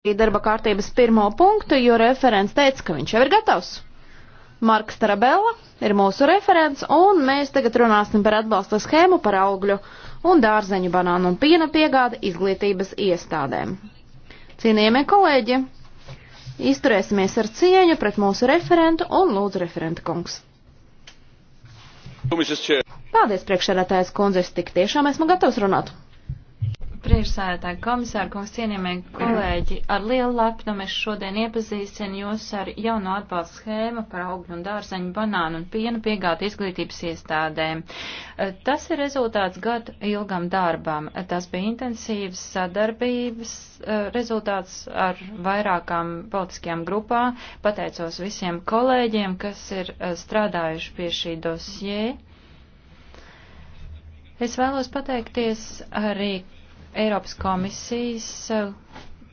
darba kārtības pirmo punktu, jo referents teica, ka viņš jau ir gatavs. Marks Tarabella ir mūsu referents, un mēs tagad runāsim par atbalsta schēmu par augļu un dārzeņu banānu un piena piegādi izglītības iestādēm. Cienījamie kolēģi, izturēsimies ar cieņu pret mūsu referentu un lūdzu referenta kungs. Paldies, priekšsēdētājs kundzes, tik tiešām esmu gatavs runāt priekšsēdētāji, komisāri, kungs, cienījamie kolēģi, ar lielu lepnumu es šodien iepazīstinu jūs ar jauno atbalstu schēmu par augļu un dārzeņu, banānu un pienu piegādu izglītības iestādēm. Eh, tas ir rezultāts gadu ilgam darbam. Eh, tas bija intensīvas sadarbības eh, rezultāts ar vairākām politiskajām grupām. Pateicos visiem kolēģiem, kas ir strādājuši pie šī dosie. Es vēlos pateikties arī Eiropas komisijas eh,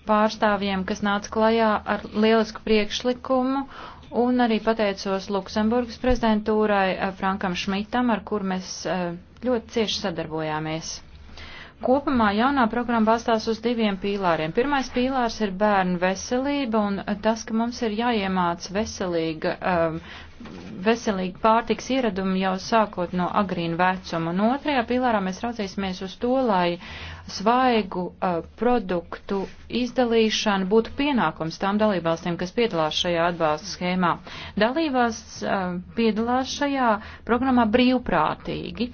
pārstāvjiem, kas nāca klajā ar lielisku priekšlikumu, un arī pateicos Luksemburgas prezidentūrai eh, Frankam Šmitam, ar kur mēs eh, ļoti cieši sadarbojāmies. Kopumā jaunā programma balstās uz diviem pīlāriem. Pirmais pīlārs ir bērnu veselība un tas, ka mums ir jāiemāc veselīga, um, veselīga pārtiks ieradumi jau sākot no agrīna vecuma. Un otrajā pīlārā mēs raucīsimies uz to, lai svaigu uh, produktu izdalīšana būtu pienākums tām dalībvalstīm, kas piedalās šajā atbalsta schēmā. Dalībvalsts uh, piedalās šajā programmā brīvprātīgi.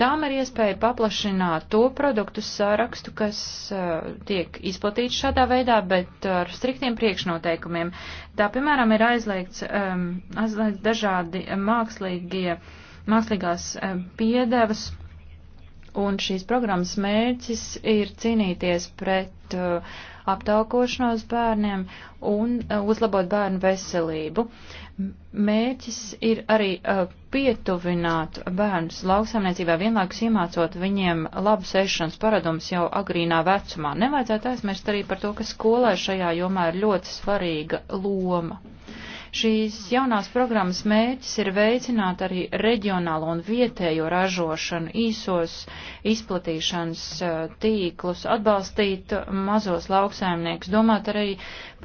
Tām ir iespēja paplašināt to produktu sārakstu, kas uh, tiek izplatīts šādā veidā, bet ar striktiem priekšnoteikumiem. Tā, piemēram, ir aizliegts, um, aizliegts dažādi mākslīgie, mākslīgās um, piedevas Un šīs programmas mērķis ir cīnīties pret uh, aptaukošanos bērniem un uh, uzlabot bērnu veselību. Mērķis ir arī uh, pietuvināt bērnus lauksaimniecībā, vienlaikus iemācot viņiem labu sešanas paradumus jau agrīnā vecumā. Nevajadzētu aizmirst arī par to, ka skolai šajā jomā ir ļoti svarīga loma. Šīs jaunās programmas mērķis ir veicināt arī reģionālo un vietējo ražošanu, īsos izplatīšanas eh, tīklus, atbalstīt mazos lauksaimnieks, domāt arī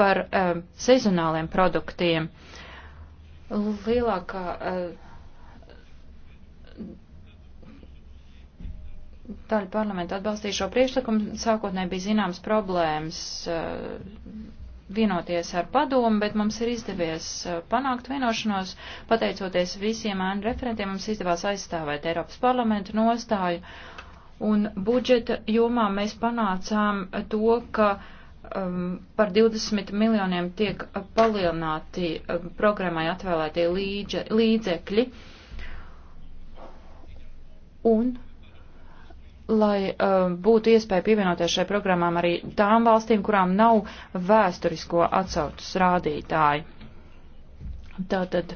par uh, sezonāliem produktiem. Lielākā uh, daļa parlamenta atbalstīja šo priekšlikumu, sākotnēji bija zināmas problēmas vienoties ar padomu, bet mums ir izdevies uh, panākt vienošanos. Pateicoties visiem ēnu referentiem, mums izdevās aizstāvēt Eiropas parlamentu nostāju. Un budžeta jomā mēs panācām to, ka um, par 20 miljoniem tiek palielināti um, programmai atvēlētie līdze, līdzekļi. Un lai uh, būtu iespēja pievienoties šai programmām arī tām valstīm, kurām nav vēsturisko atsautus rādītāji. Tātad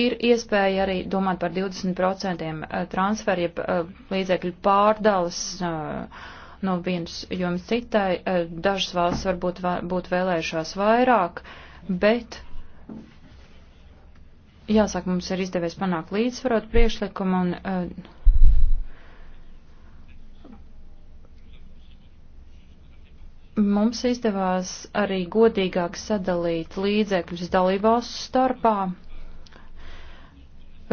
ir iespēja arī domāt par 20% uh, transferu, jeb uh, līdzekļu pārdales. Uh, no vienas jomas citai. Uh, dažas valsts varbūt būtu vēlējušās vairāk, bet jāsaka, mums ir izdevies panākt līdzsvarot priekšlikumu un uh, Mums izdevās arī godīgāk sadalīt līdzekļus dalībvalstu starpā.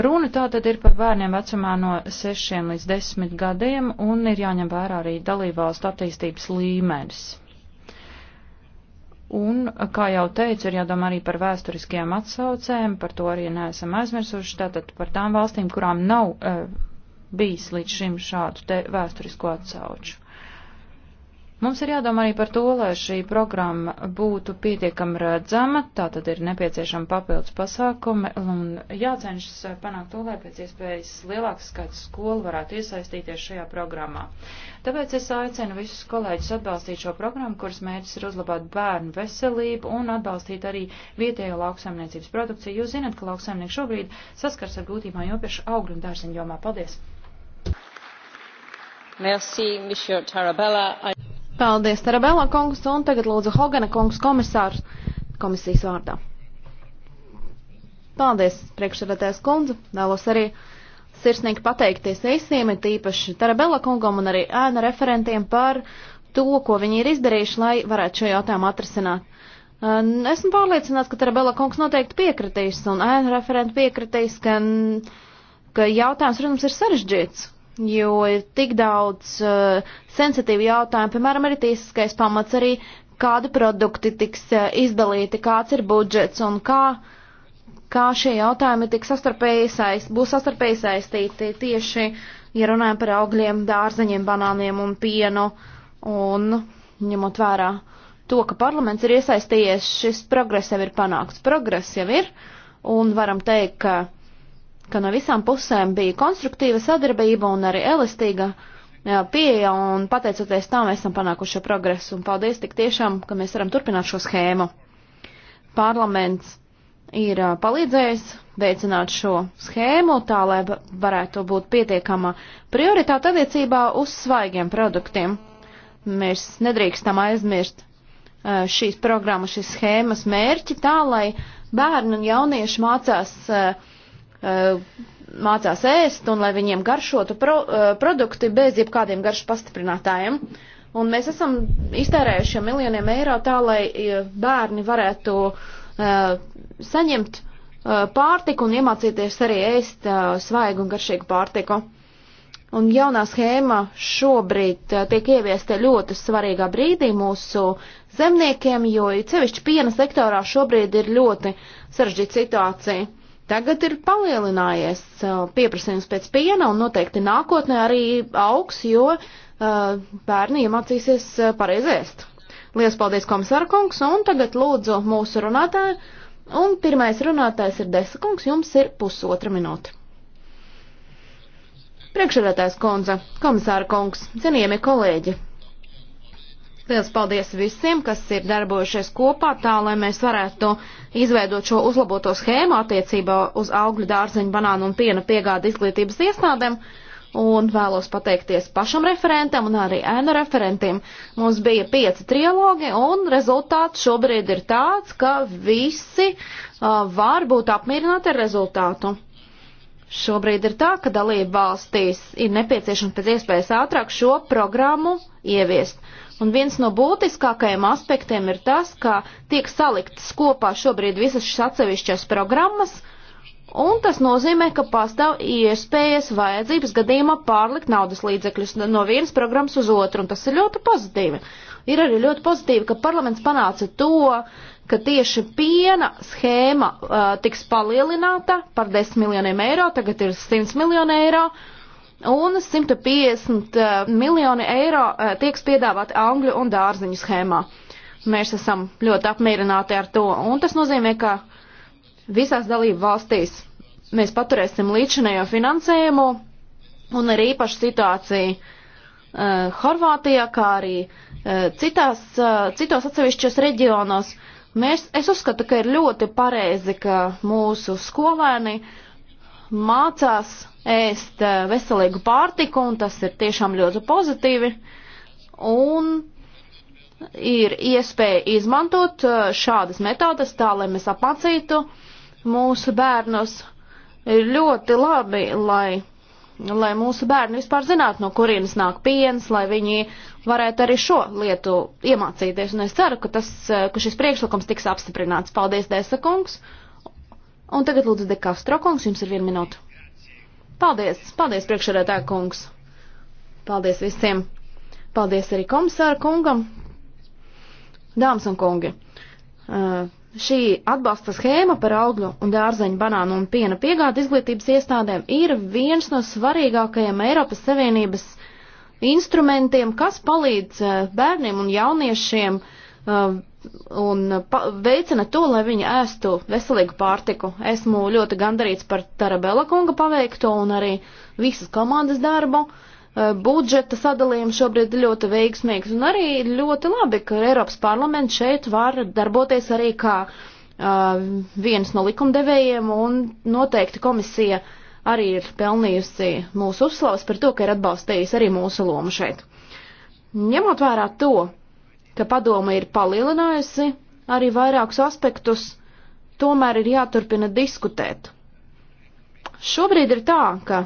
Runa tātad ir par bērniem vecumā no 6 līdz 10 gadiem un ir jāņem vērā arī dalībvalstu attīstības līmenis. Un, kā jau teicu, ir jādomā arī par vēsturiskajām atsaucēm, par to arī neesam aizmirsuši, tātad par tām valstīm, kurām nav uh, bijis līdz šim šādu te vēsturisko atsauču. Mums ir jādomā arī par to, lai šī programma būtu pietiekami redzama, tā tad ir nepieciešama papildus pasākumi un jācenšas panākt to, lai pēc iespējas lielāks skaits skolu varētu iesaistīties šajā programmā. Tāpēc es aicinu visus kolēģus atbalstīt šo programmu, kuras mērķis ir uzlabot bērnu veselību un atbalstīt arī vietējo lauksaimniecības produkciju. Jūs zināt, ka lauksaimnieki šobrīd saskars ar grūtībām jau pieši augļu un dārziņu jomā. Paldies! Merci, Monsieur Tarabella. I... Paldies, Tarabela kungs, un tagad lūdzu Hogana kungs komisārs komisijas vārdā. Paldies, priekšsēdētājs kundze, vēlos arī sirsnīgi pateikties visiem, it īpaši Tarabela kungam un arī ēna referentiem par to, ko viņi ir izdarījuši, lai varētu šo jautājumu atrisināt. Esmu pārliecināts, ka Tarabela kungs noteikti piekritīs un ēna referenti piekritīs, ka, ka jautājums, protams, ir sarežģīts jo ir tik daudz uh, sensitīvu jautājumu, piemēram, arī tiesiskais pamats, arī kādi produkti tiks uh, izdalīti, kāds ir budžets un kā, kā šie jautājumi tiks sastarpēji saist, būs sastarpēji saistīti tieši, ja runājam par augļiem, dārzeņiem, banāniem un pienu un ņemot vērā to, ka parlaments ir iesaistījies, šis progress jau ir panākts. Progress jau ir un varam teikt, ka ka no visām pusēm bija konstruktīva sadarbība un arī elastīga pieeja, un pateicoties tam esam panākuši šo progresu, un paldies tik tiešām, ka mēs varam turpināt šo schēmu. Parlaments ir palīdzējis veicināt šo schēmu tā, lai varētu būt pietiekama prioritāte attiecībā uz svaigiem produktiem. Mēs nedrīkstam aizmirst šīs programmas, šīs schēmas mērķi tā, lai bērni un jaunieši mācās uh, Eh, mācās ēst un lai viņiem garšotu pro, eh, produkti bez jebkādiem garšas pastiprinātājiem. Un mēs esam iztērējuši miljoniem eiro tā, lai eh, bērni varētu saņemt pārtiku un iemācīties arī ēst svaigu un garšīgu pārtiku. Un jaunā schēma šobrīd tiek ieviesta ļoti svarīgā brīdī mūsu zemniekiem, jo cevišķi piena sektorā šobrīd ir ļoti sarežģīta situācija. Tagad ir palielinājies uh, pieprasījums pēc piena un noteikti nākotnē arī augs, jo uh, bērni iemācīsies uh, pareizēst. Lielas paldies, komisāra kungs, un tagad lūdzu mūsu runātāju. Un pirmais runātājs ir Desa kungs, jums ir pusotra minūte. Priekšredētājs kundze, komisāra kungs, cienījamie kolēģi, Liels paldies visiem, kas ir darbojušies kopā tā, lai mēs varētu izveidot šo uzlaboto schēmu attiecībā uz augļu dārzeņu, banānu un piena piegādi izglītības iestādēm. Un vēlos pateikties pašam referentam un arī ēnu referentiem. Mums bija pieci trilogi un rezultāts šobrīd ir tāds, ka visi uh, var būt apmierināti ar rezultātu. Šobrīd ir tā, ka dalību valstīs ir nepieciešams pēc iespējas ātrāk šo programmu ieviest. Un viens no būtiskākajiem aspektiem ir tas, ka tiek saliktas kopā šobrīd visas šīs atsevišķās programmas, un tas nozīmē, ka pastāv iespējas vajadzības gadījumā pārlikt naudas līdzekļus no vienas programmas uz otru, un tas ir ļoti pozitīvi. Ir arī ļoti pozitīvi, ka parlaments panāca to, ka tieši piena schēma uh, tiks palielināta par 10 miljoniem eiro, tagad ir 100 miljonu eiro. Uh, un 150 eh, miljoni eiro eh, tiek piedāvāti angļu un dārziņu schēmā. Mēs esam ļoti apmierināti ar to, un tas nozīmē, ka visās dalību valstīs mēs paturēsim līdzinējo finansējumu, un ir īpaša situācija uh, eh, Horvātijā, kā arī uh, citās, uh, citos atsevišķos reģionos. Mēs, es uzskatu, ka ir ļoti pareizi, ka mūsu skolēni mācās ēst eh, veselīgu pārtiku, un tas ir tiešām ļoti pozitīvi. Un ir iespēja izmantot eh, šādas metodas tā, lai mēs apmācītu mūsu bērnus. Ir ļoti labi, lai, lai mūsu bērni vispār zinātu, no kurienes nāk piens, lai viņi varētu arī šo lietu iemācīties. Un es ceru, ka, tas, eh, ka šis priekšlikums tiks apstiprināts. Paldies, Dēsa kungs! Un tagad lūdzu Dekastro kungs, jums ir viena minūte. Paldies, paldies priekšsēdētāja kungs. Paldies visiem. Paldies arī komisāra kungam. Dāmas un kungi, uh, šī atbalsta schēma par augļu un dārzeņu banānu un piena piegādi izglītības iestādēm ir viens no svarīgākajiem Eiropas Savienības instrumentiem, kas palīdz uh, bērniem un jauniešiem uh, Um, un uh, veicina to, lai viņi ēstu veselīgu pārtiku. Esmu ļoti gandarīts par Tarabela kunga paveikto un arī visas komandas darbu. Uh, budžeta sadalījums šobrīd ir ļoti veiksmīgs un arī ļoti labi, ka Eiropas parlaments šeit var darboties arī kā uh, viens no likumdevējiem un noteikti komisija arī ir pelnījusi mūsu uzslavas par to, ka ir atbalstījusi arī mūsu lomu šeit. Ņemot vērā to, ka padoma ir palielinājusi arī vairākus aspektus, tomēr ir jāturpina diskutēt. Šobrīd ir tā, ka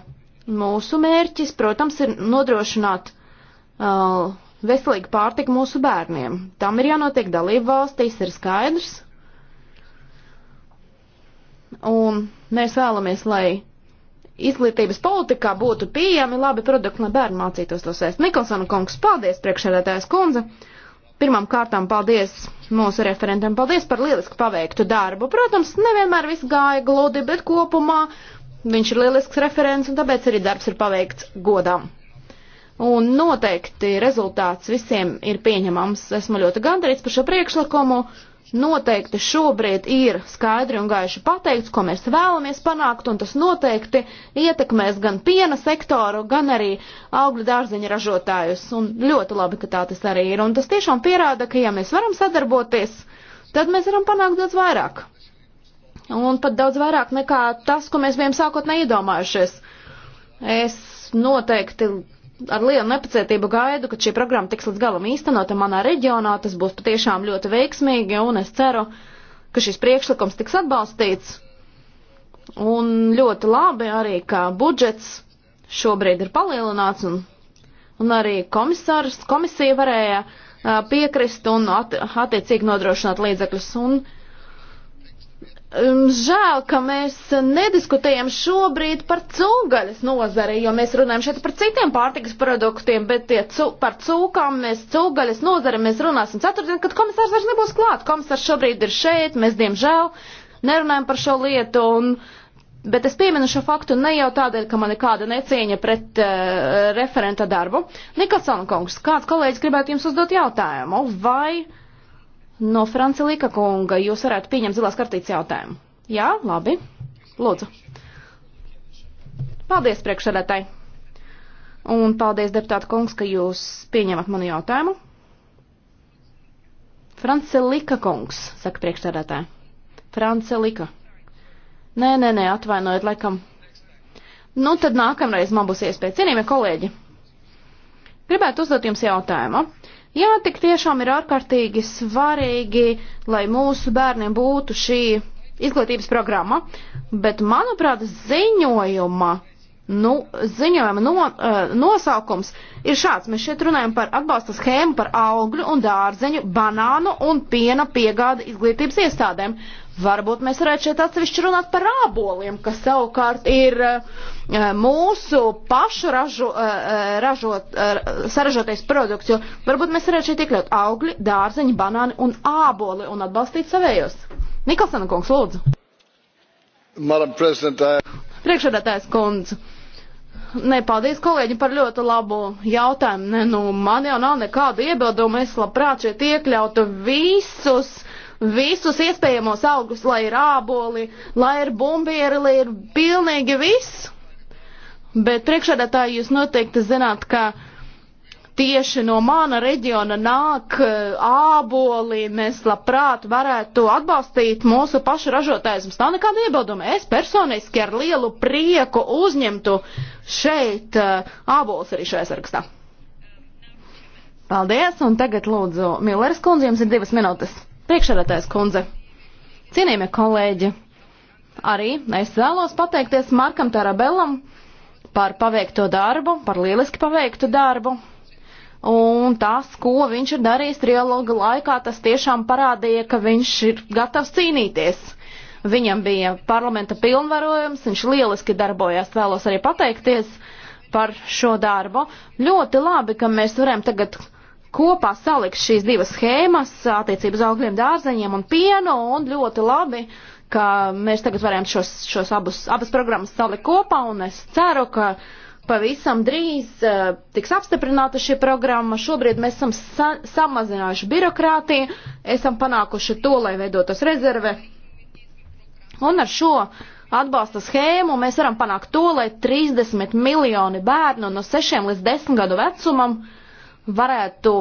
mūsu mērķis, protams, ir nodrošināt uh, veselīgu pārtiku mūsu bērniem. Tam ir jānotiek dalību valstīs, ir skaidrs. Un mēs vēlamies, lai izglītības politikā būtu pieejami labi produkti, lai bērni mācītos tos ēst. Nikolsona kungs, paldies, priekšsēdētājas kundze. Uh, Pirmām kārtām paldies mūsu referentam, paldies par lielisku paveiktu darbu. Protams, nevienmēr viss gāja gludi, bet kopumā viņš ir lielisks referents un tāpēc arī darbs ir paveikts godam. Un noteikti rezultāts visiem ir pieņemams. Esmu ļoti gandarīts par šo priekšlikumu noteikti šobrīd ir skaidri un gaiši pateikts, ko mēs vēlamies panākt, un tas noteikti ietekmēs gan piena sektoru, gan arī augļu dārziņu ražotājus. Un ļoti labi, ka tā tas arī ir. Un tas tiešām pierāda, ka ja mēs varam sadarboties, tad mēs varam panākt daudz vairāk. Un pat daudz vairāk nekā tas, ko mēs bijām sākotnēji iedomājušies. Es noteikti ar lielu nepacietību gaidu, kad šī programma tiks līdz galam īstenota manā reģionā. Tas būs patiešām ļoti veiksmīgi, un es ceru, ka šis priekšlikums tiks atbalstīts. Un ļoti labi arī, ka budžets šobrīd ir palielināts, un, un arī komisārs, komisija varēja piekrist un at, attiecīgi nodrošināt līdzekļus. Un, uh, Žēl, ka mēs nediskutējam šobrīd par cūgaļas nozari, jo mēs runājam šeit par citiem pārtikas produktiem, bet tie cu, par cūkām mēs cūgaļas nozari mēs runāsim ceturtdien, kad komisārs vairs nebūs klāt. Komisārs šobrīd ir šeit, mēs diemžēl nerunājam par šo lietu. Un, Bet es pieminu šo faktu ne jau tādēļ, ka man ir kāda necieņa pret uh, referenta darbu. Nikolsona kungs, kāds kolēģis gribētu jums uzdot jautājumu, vai uh, No Franci Lika kunga jūs varētu pieņemt zilās kartītes jautājumu. Jā, labi. Lūdzu. Paldies priekšsēdētāji. Un paldies deputāta kungs, ka jūs pieņemat manu jautājumu. Francelika kungs, saka priekšsēdētāji. Francelika. Nē, nē, nē, atvainojiet, laikam. Nu, tad nākamreiz man būs iespēja. Cienījamie kolēģi, gribētu uzdot jums jautājumu. Jā, tik tiešām ir ārkārtīgi svarīgi, lai mūsu bērniem būtu šī izglītības programma, bet, manuprāt, ziņojuma, nu, ziņojuma no, uh, nosaukums ir šāds. Mēs šeit runājam par atbalsta schēmu par augļu un dārzeņu, banānu un piena piegādi izglītības iestādēm. Varbūt mēs varētu šeit atsevišķi runāt par āboliem, kas savukārt ir eh, mūsu pašu ražo, eh, eh, ražot, saražotais produkts, jo varbūt mēs varētu šeit iekļaut augļi, dārzeņi, banāni un āboli un atbalstīt savējos. Nikolsona kungs, lūdzu. Priekšredētājs kundze. Nē, paldies kolēģi par ļoti labu jautājumu. Nē, nu, man jau nav nekādu iebildumu. Es labprāt šeit iekļautu visus visus iespējamos augus, lai ir āboli, lai ir bumbieri, lai ir pilnīgi viss. Bet priekšādātāji jūs noteikti zināt, ka tieši no mana reģiona nāk eh, āboli, mēs labprāt varētu atbalstīt mūsu pašu ražotājus. Mums nav nekāda iebilduma. Es personiski ar lielu prieku uzņemtu šeit eh, ābolus arī šajā sarakstā. Paldies, un tagad lūdzu Milleris kundze, jums ir divas minūtes. Priekšsēdētājs kundze, cienījamie kolēģi, arī es vēlos pateikties Markam Tarabellam par paveikto darbu, par lieliski paveiktu darbu. Un tas, ko viņš ir darījis trialoga laikā, tas tiešām parādīja, ka viņš ir gatavs cīnīties. Viņam bija parlamenta pilnvarojums, viņš lieliski darbojās, vēlos arī pateikties par šo darbu. Ļoti labi, ka mēs varam tagad kopā salikt šīs divas schēmas attiecības augļiem, dārzeņiem un pienu un ļoti labi, ka mēs tagad varējām šos, šos abus, abas programmas salikt kopā un es ceru, ka pavisam drīz uh, tiks apstiprināta šī programma. Šobrīd mēs esam sa samazinājuši birokrātiju, esam panākuši to, lai veidotos rezerve. Un ar šo atbalsta schēmu mēs varam panākt to, lai 30 miljoni bērnu no 6 līdz 10 gadu vecumam uh, varētu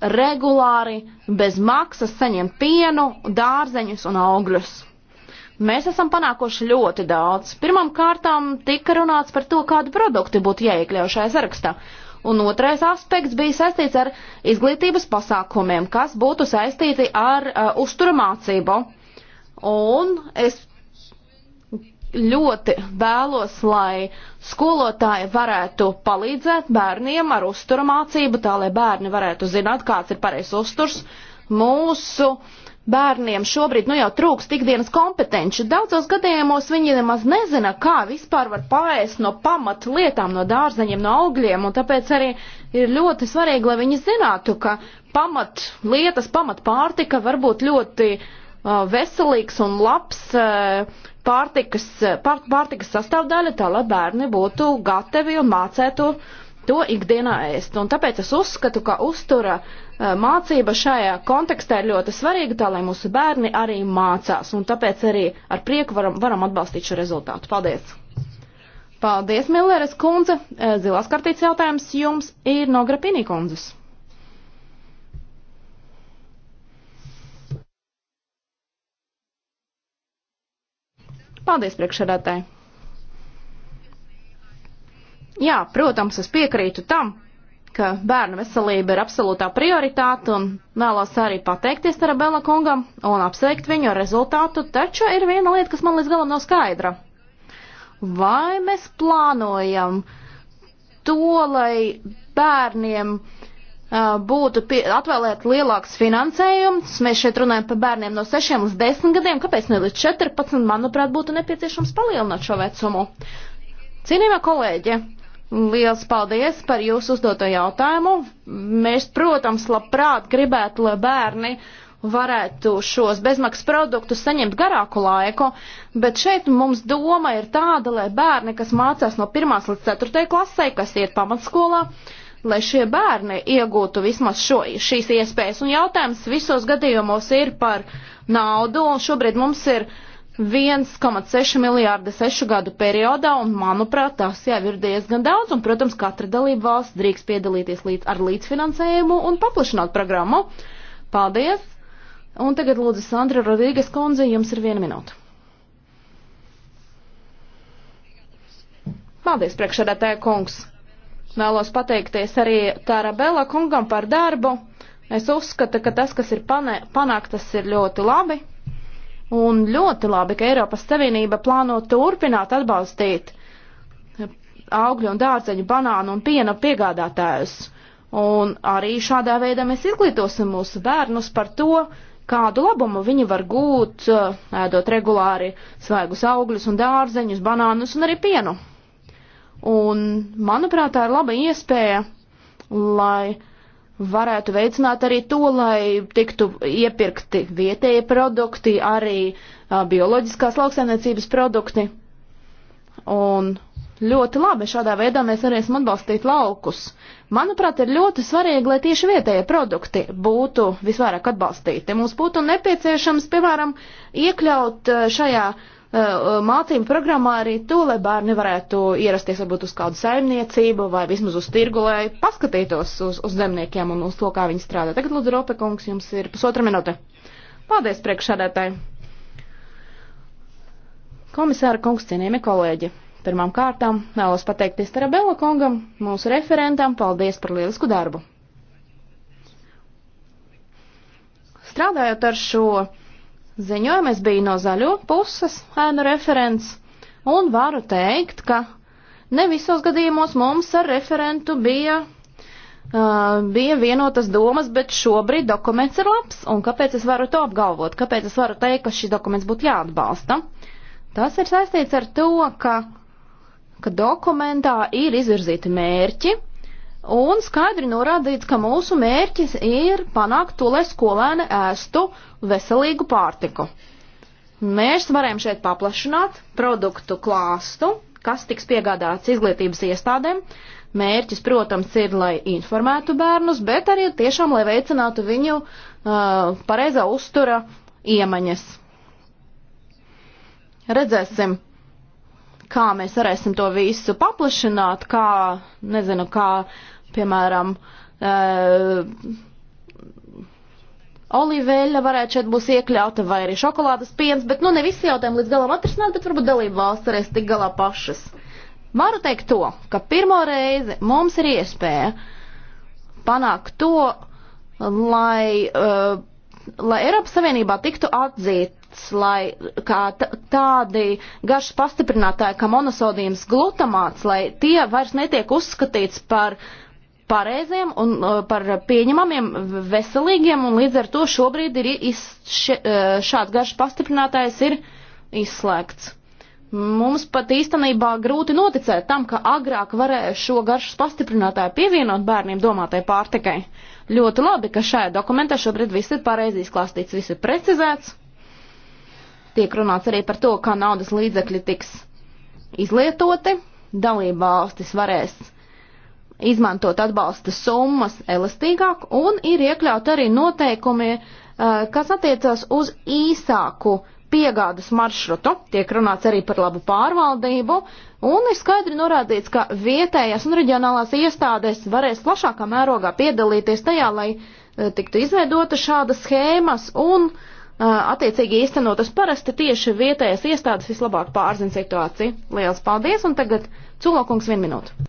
regulāri bez maksas saņemt pienu, dārzeņus un augļus. Mēs esam panākuši ļoti daudz. Pirmam kārtām tika runāts par to, kādu produktu būtu jāiekļauj šajā sarakstā. Un otrais aspekts bija saistīts ar izglītības pasākumiem, kas būtu saistīti ar uh, uzturmācību. Un es ļoti vēlos, lai skolotāji varētu palīdzēt bērniem ar uzturmācību, tā lai bērni varētu zināt, kāds ir pareizs uzturs. Mūsu bērniem šobrīd nu jau trūks ikdienas kompetenci. Daudzos gadījumos viņi nemaz nezina, kā vispār var pāriest no pamat lietām, no dārzeņiem, no augļiem, un tāpēc arī ir ļoti svarīgi, lai viņi zinātu, ka pamat lietas, pamat pārtika var būt ļoti uh, veselīgs un labs uh, pārtikas, pār, pārtikas sastāvdaļa, tā lai bērni būtu gatavi un mācētu to ikdienā ēst. Un tāpēc es uzskatu, ka uztura eh, mācība šajā kontekstā ir ļoti svarīga, tā lai mūsu bērni arī mācās. Un tāpēc arī ar prieku varam, varam atbalstīt šo rezultātu. Paldies! Paldies, Milleres kundze! Eh, zilās kartītes jautājums jums ir no Grapinī kundzes. Paldies, priekšsēdētāji! Jā, protams, es piekrītu tam, ka bērnu veselība ir absolūtā prioritāte un vēlos arī pateikties Tarabela kungam un apsveikt viņu ar rezultātu, taču ir viena lieta, kas man līdz galam nav skaidra. Vai mēs plānojam to, lai bērniem Uh, būtu pie, atvēlēt lielāks finansējums. Mēs šeit runājam par bērniem no 6 līdz 10 gadiem. Kāpēc ne līdz 14? Manuprāt, būtu nepieciešams palielināt šo vecumu. Cienījamie kolēģi, liels paldies par jūsu uzdoto jautājumu. Mēs, protams, labprāt gribētu, lai bērni varētu šos bezmaksas produktus saņemt garāku laiku, bet šeit mums doma ir tāda, lai bērni, kas mācās no 1 līdz 4 klasē, kas iet pamatskolā, uh, lai šie bērni iegūtu vismaz šo, šīs iespējas. Un jautājums visos gadījumos ir par naudu, un šobrīd mums ir 1,6 miljārdi sešu gadu periodā, un manuprāt, tas jau ir diezgan daudz, un, protams, katra dalība valsts drīkst piedalīties līdz, ar līdzfinansējumu un paplašināt programmu. Paldies! Un tagad lūdzu Sandra Rodrīgas kundze, jums ir viena minūte. Paldies, priekšsēdētāja kungs! Vēlos pateikties arī Tarabela kungam par darbu. Es uzskatu, ka tas, kas ir panē, panāktas, ir ļoti labi. Un ļoti labi, ka Eiropas Savienība plāno turpināt atbalstīt augļu un dārzeņu, banānu un piena piegādātājus. Un arī šādā veidā mēs izglītosim mūsu bērnus par to, kādu labumu viņi var gūt, ēdot regulāri svaigus augļus un dārzeņus, banānus un arī pienu. Un, manuprāt, tā ir laba iespēja, lai varētu veicināt arī to, lai tiktu iepirkti vietējie produkti, arī a, bioloģiskās lauksaimniecības produkti. Un ļoti labi šādā veidā mēs varēsim atbalstīt laukus. Manuprāt, ir ļoti svarīgi, lai tieši vietējie produkti būtu visvairāk atbalstīti. Mums būtu nepieciešams, piemēram, iekļaut šajā uh, Eh, mācību programmā arī to, lai bērni varētu ierasties varbūt uz kādu saimniecību vai vismaz uz tirgu, lai paskatītos uz, uz zemniekiem un uz to, kā viņi strādā. Tagad, lūdzu, Ropekungs, jums ir pusotra minūte. Paldies, priekšsēdētāji! Komisāra kungs, cienījami kolēģi! Pirmām kārtām vēlos pateikties Tarabela kungam, mūsu referentam, paldies par lielisku darbu! Strādājot ar šo ziņojumu. Es biju no zaļo puses ēnu referents un varu teikt, ka ne visos gadījumos mums ar referentu bija, uh, bija vienotas domas, bet šobrīd dokuments ir labs. Un kāpēc es varu to apgalvot? Kāpēc es varu teikt, ka šis dokuments būtu jāatbalsta? Tas ir saistīts ar to, ka, ka dokumentā ir izvirzīti mērķi, Un skaidri norādīts, ka mūsu mērķis ir panākt to, lai skolēni ēstu veselīgu pārtiku. Mēs varam šeit paplašināt produktu klāstu, kas tiks piegādāts izglītības iestādēm. Mērķis, protams, ir, lai informētu bērnus, bet arī tiešām, lai veicinātu viņu uh, pareizā uztura iemaņas. Redzēsim, kā mēs varēsim to visu paplašināt, kā, nezinu, kā uh, Piemēram, eh, olīveļa varētu šeit būs iekļauta vai arī šokolādes piens, bet nu ne visi jautājumi līdz galam atrisināt, bet varbūt dalība valsts varēs tik galā pašas. Varu teikt to, ka pirmo reizi mums ir iespēja panākt to, lai, uh, lai Eiropas Savienībā tiktu atzīts, lai kā tādi garšas pastiprinātāji, kā monosodījums glutamāts, lai tie vairs netiek uzskatīts par uh, pareiziem un uh, par pieņemamiem veselīgiem, un līdz ar to šobrīd ir iz, še, uh, šāds garš pastiprinātājs ir izslēgts. Mums pat īstenībā grūti noticēt tam, ka agrāk varēja šo garšas pastiprinātāju pievienot bērniem domātai pārtikai. Ļoti labi, ka šajā dokumentā šobrīd viss ir pareizi izklāstīts, viss ir precizēts. Tiek runāts arī par to, kā naudas līdzekļi tiks izlietoti, dalībvalstis varēs uh, izmantot atbalsta summas elastīgāk un ir iekļaut arī noteikumi, eh, kas attiecas uz īsāku piegādas maršrutu, tiek runāts arī par labu pārvaldību, un ir skaidri norādīts, ka vietējās un reģionālās iestādes varēs plašākā mērogā piedalīties tajā, lai eh, tiktu izveidota šādas schēmas un eh, attiecīgi īstenotas parasti tieši vietējās iestādes vislabāk pārzina situāciju. Lielas paldies, un tagad culokungs vienu minūtu.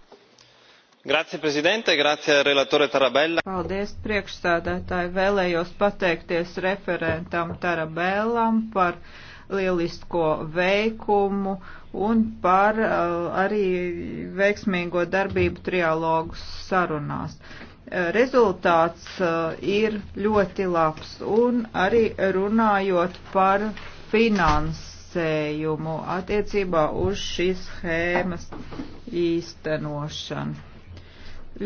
Grazie, prezidente, grazie, relatore Tarabella. Paldies, priekšsādātāji. Vēlējos pateikties referentam Tarabellam par lielisko veikumu un par uh, arī veiksmīgo darbību trialogu sarunās. Uh, rezultāts uh, ir ļoti labs un arī runājot par finansējumu attiecībā uz šīs schēmas īstenošanu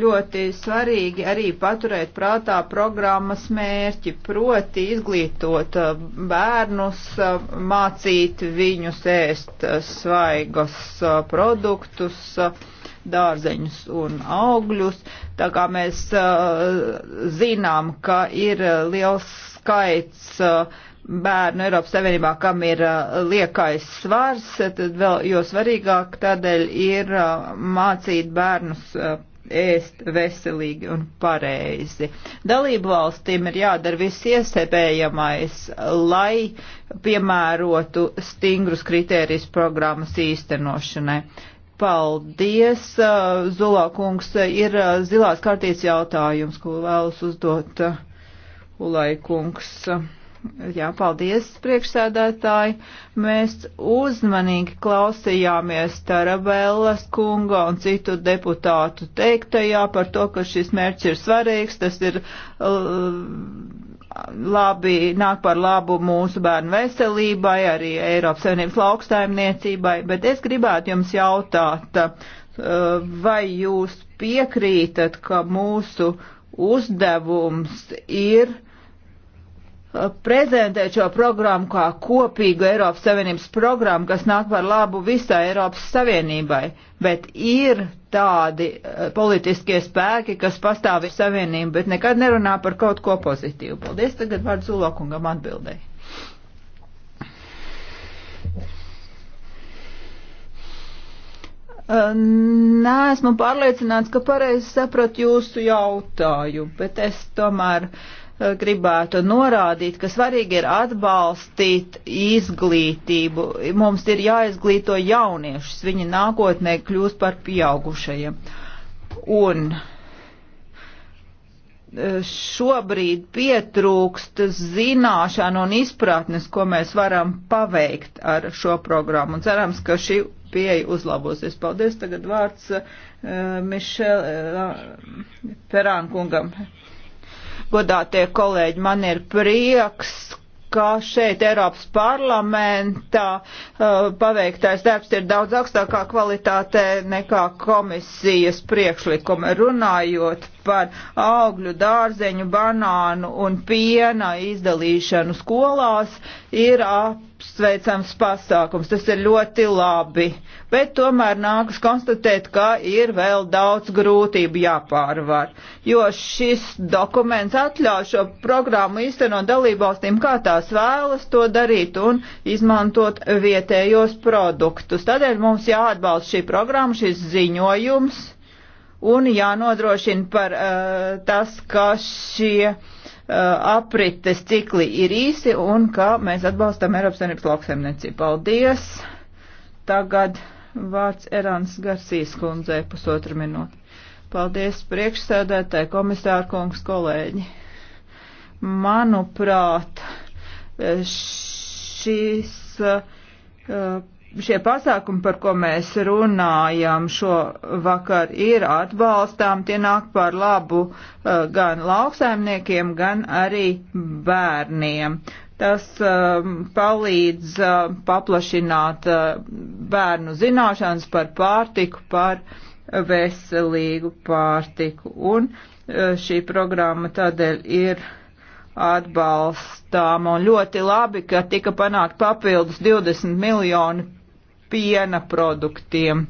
ļoti svarīgi arī paturēt prātā programmas mērķi, proti izglītot uh, bērnus, uh, mācīt viņus ēst uh, svaigas produktus, dārzeņus un augļus. Tā kā mēs zinām, ka ir liels skaits bērnu Eiropas Savienībā, kam ir liekais svars, tad vēl jo svarīgāk tādēļ ir mācīt bērnus ēst veselīgi un pareizi. Dalību valstīm ir jādara viss iespējamais, lai piemērotu stingrus kritērijus programmas īstenošanai. Paldies, Zulā kungs, ir zilās kārtības jautājums, ko vēlas uzdot Ulai kungs. Jā, paldies, priekšsēdētāji. Mēs uzmanīgi klausījāmies Tarabellas kunga un citu deputātu teiktajā par to, ka šis mērķis ir svarīgs, tas ir labi, nāk par labu mūsu bērnu veselībai, arī Eiropas Savienības lauksaimniecībai, bet es gribētu jums jautāt, uh, vai jūs piekrītat, ka mūsu uzdevums ir Eh, prezentēt šo programmu kā kopīgu Eiropas Savienības programmu, kas nāk par labu visai Eiropas Savienībai, bet ir tādi eh, politiskie spēki, kas pastāv ir Savienība, bet nekad nerunā par kaut ko pozitīvu. Paldies, tagad vārds Zulokungam atbildēji. Eh, nē, esmu pārliecināts, ka pareizi sapratu jūsu jautājumu, bet es tomēr uh, Eh, gribētu norādīt, ka svarīgi ir atbalstīt izglītību. Mums ir jāizglīto jauniešus, viņi nākotnē kļūs par pieaugušajiem. Un eh, šobrīd pietrūkst zināšanu un izpratnes, ko mēs varam paveikt ar šo programmu. Un cerams, ka šī pieeja uzlabosies. Paldies. Tagad vārds uh, eh, Mišela uh, Perankungam. Uh, Godātie kolēģi, man ir prieks, ka šeit Eiropas parlamentā uh, paveiktais darbs ir daudz augstākā kvalitātē nekā komisijas priekšlikuma runājot par augļu, dārzeņu, banānu un piena izdalīšanu skolās ir apsveicams pasākums. Tas ir ļoti labi, bet tomēr nākas konstatēt, ka ir vēl daudz grūtību jāpārvar, jo šis dokuments atļauj šo programmu īstenot dalībvalstīm, kā tās vēlas to darīt un izmantot vietējos produktus. Tādēļ mums jāatbalsta šī programma, šis ziņojums un jānodrošina par uh, tas, ka šie uh, aprites cikli ir īsi un ka mēs atbalstam Eiropas Savienības lauksaimniecību. Paldies! Tagad vārds Erāns Garsīs kundzei pusotru minūti. Paldies priekšsēdētāji, komisārkungs, kolēģi. Manuprāt, šis uh, šie pasākumi, par ko mēs runājam šo vakar, ir atbalstām, tie nāk par labu eh, gan lauksaimniekiem, gan arī bērniem. Tas eh, palīdz eh, paplašināt bērnu zināšanas par pārtiku, par veselīgu pārtiku. Un šī programma tādēļ ir atbalstām. Un ļoti labi, ka tika panākt papildus 20 miljoni piena produktiem.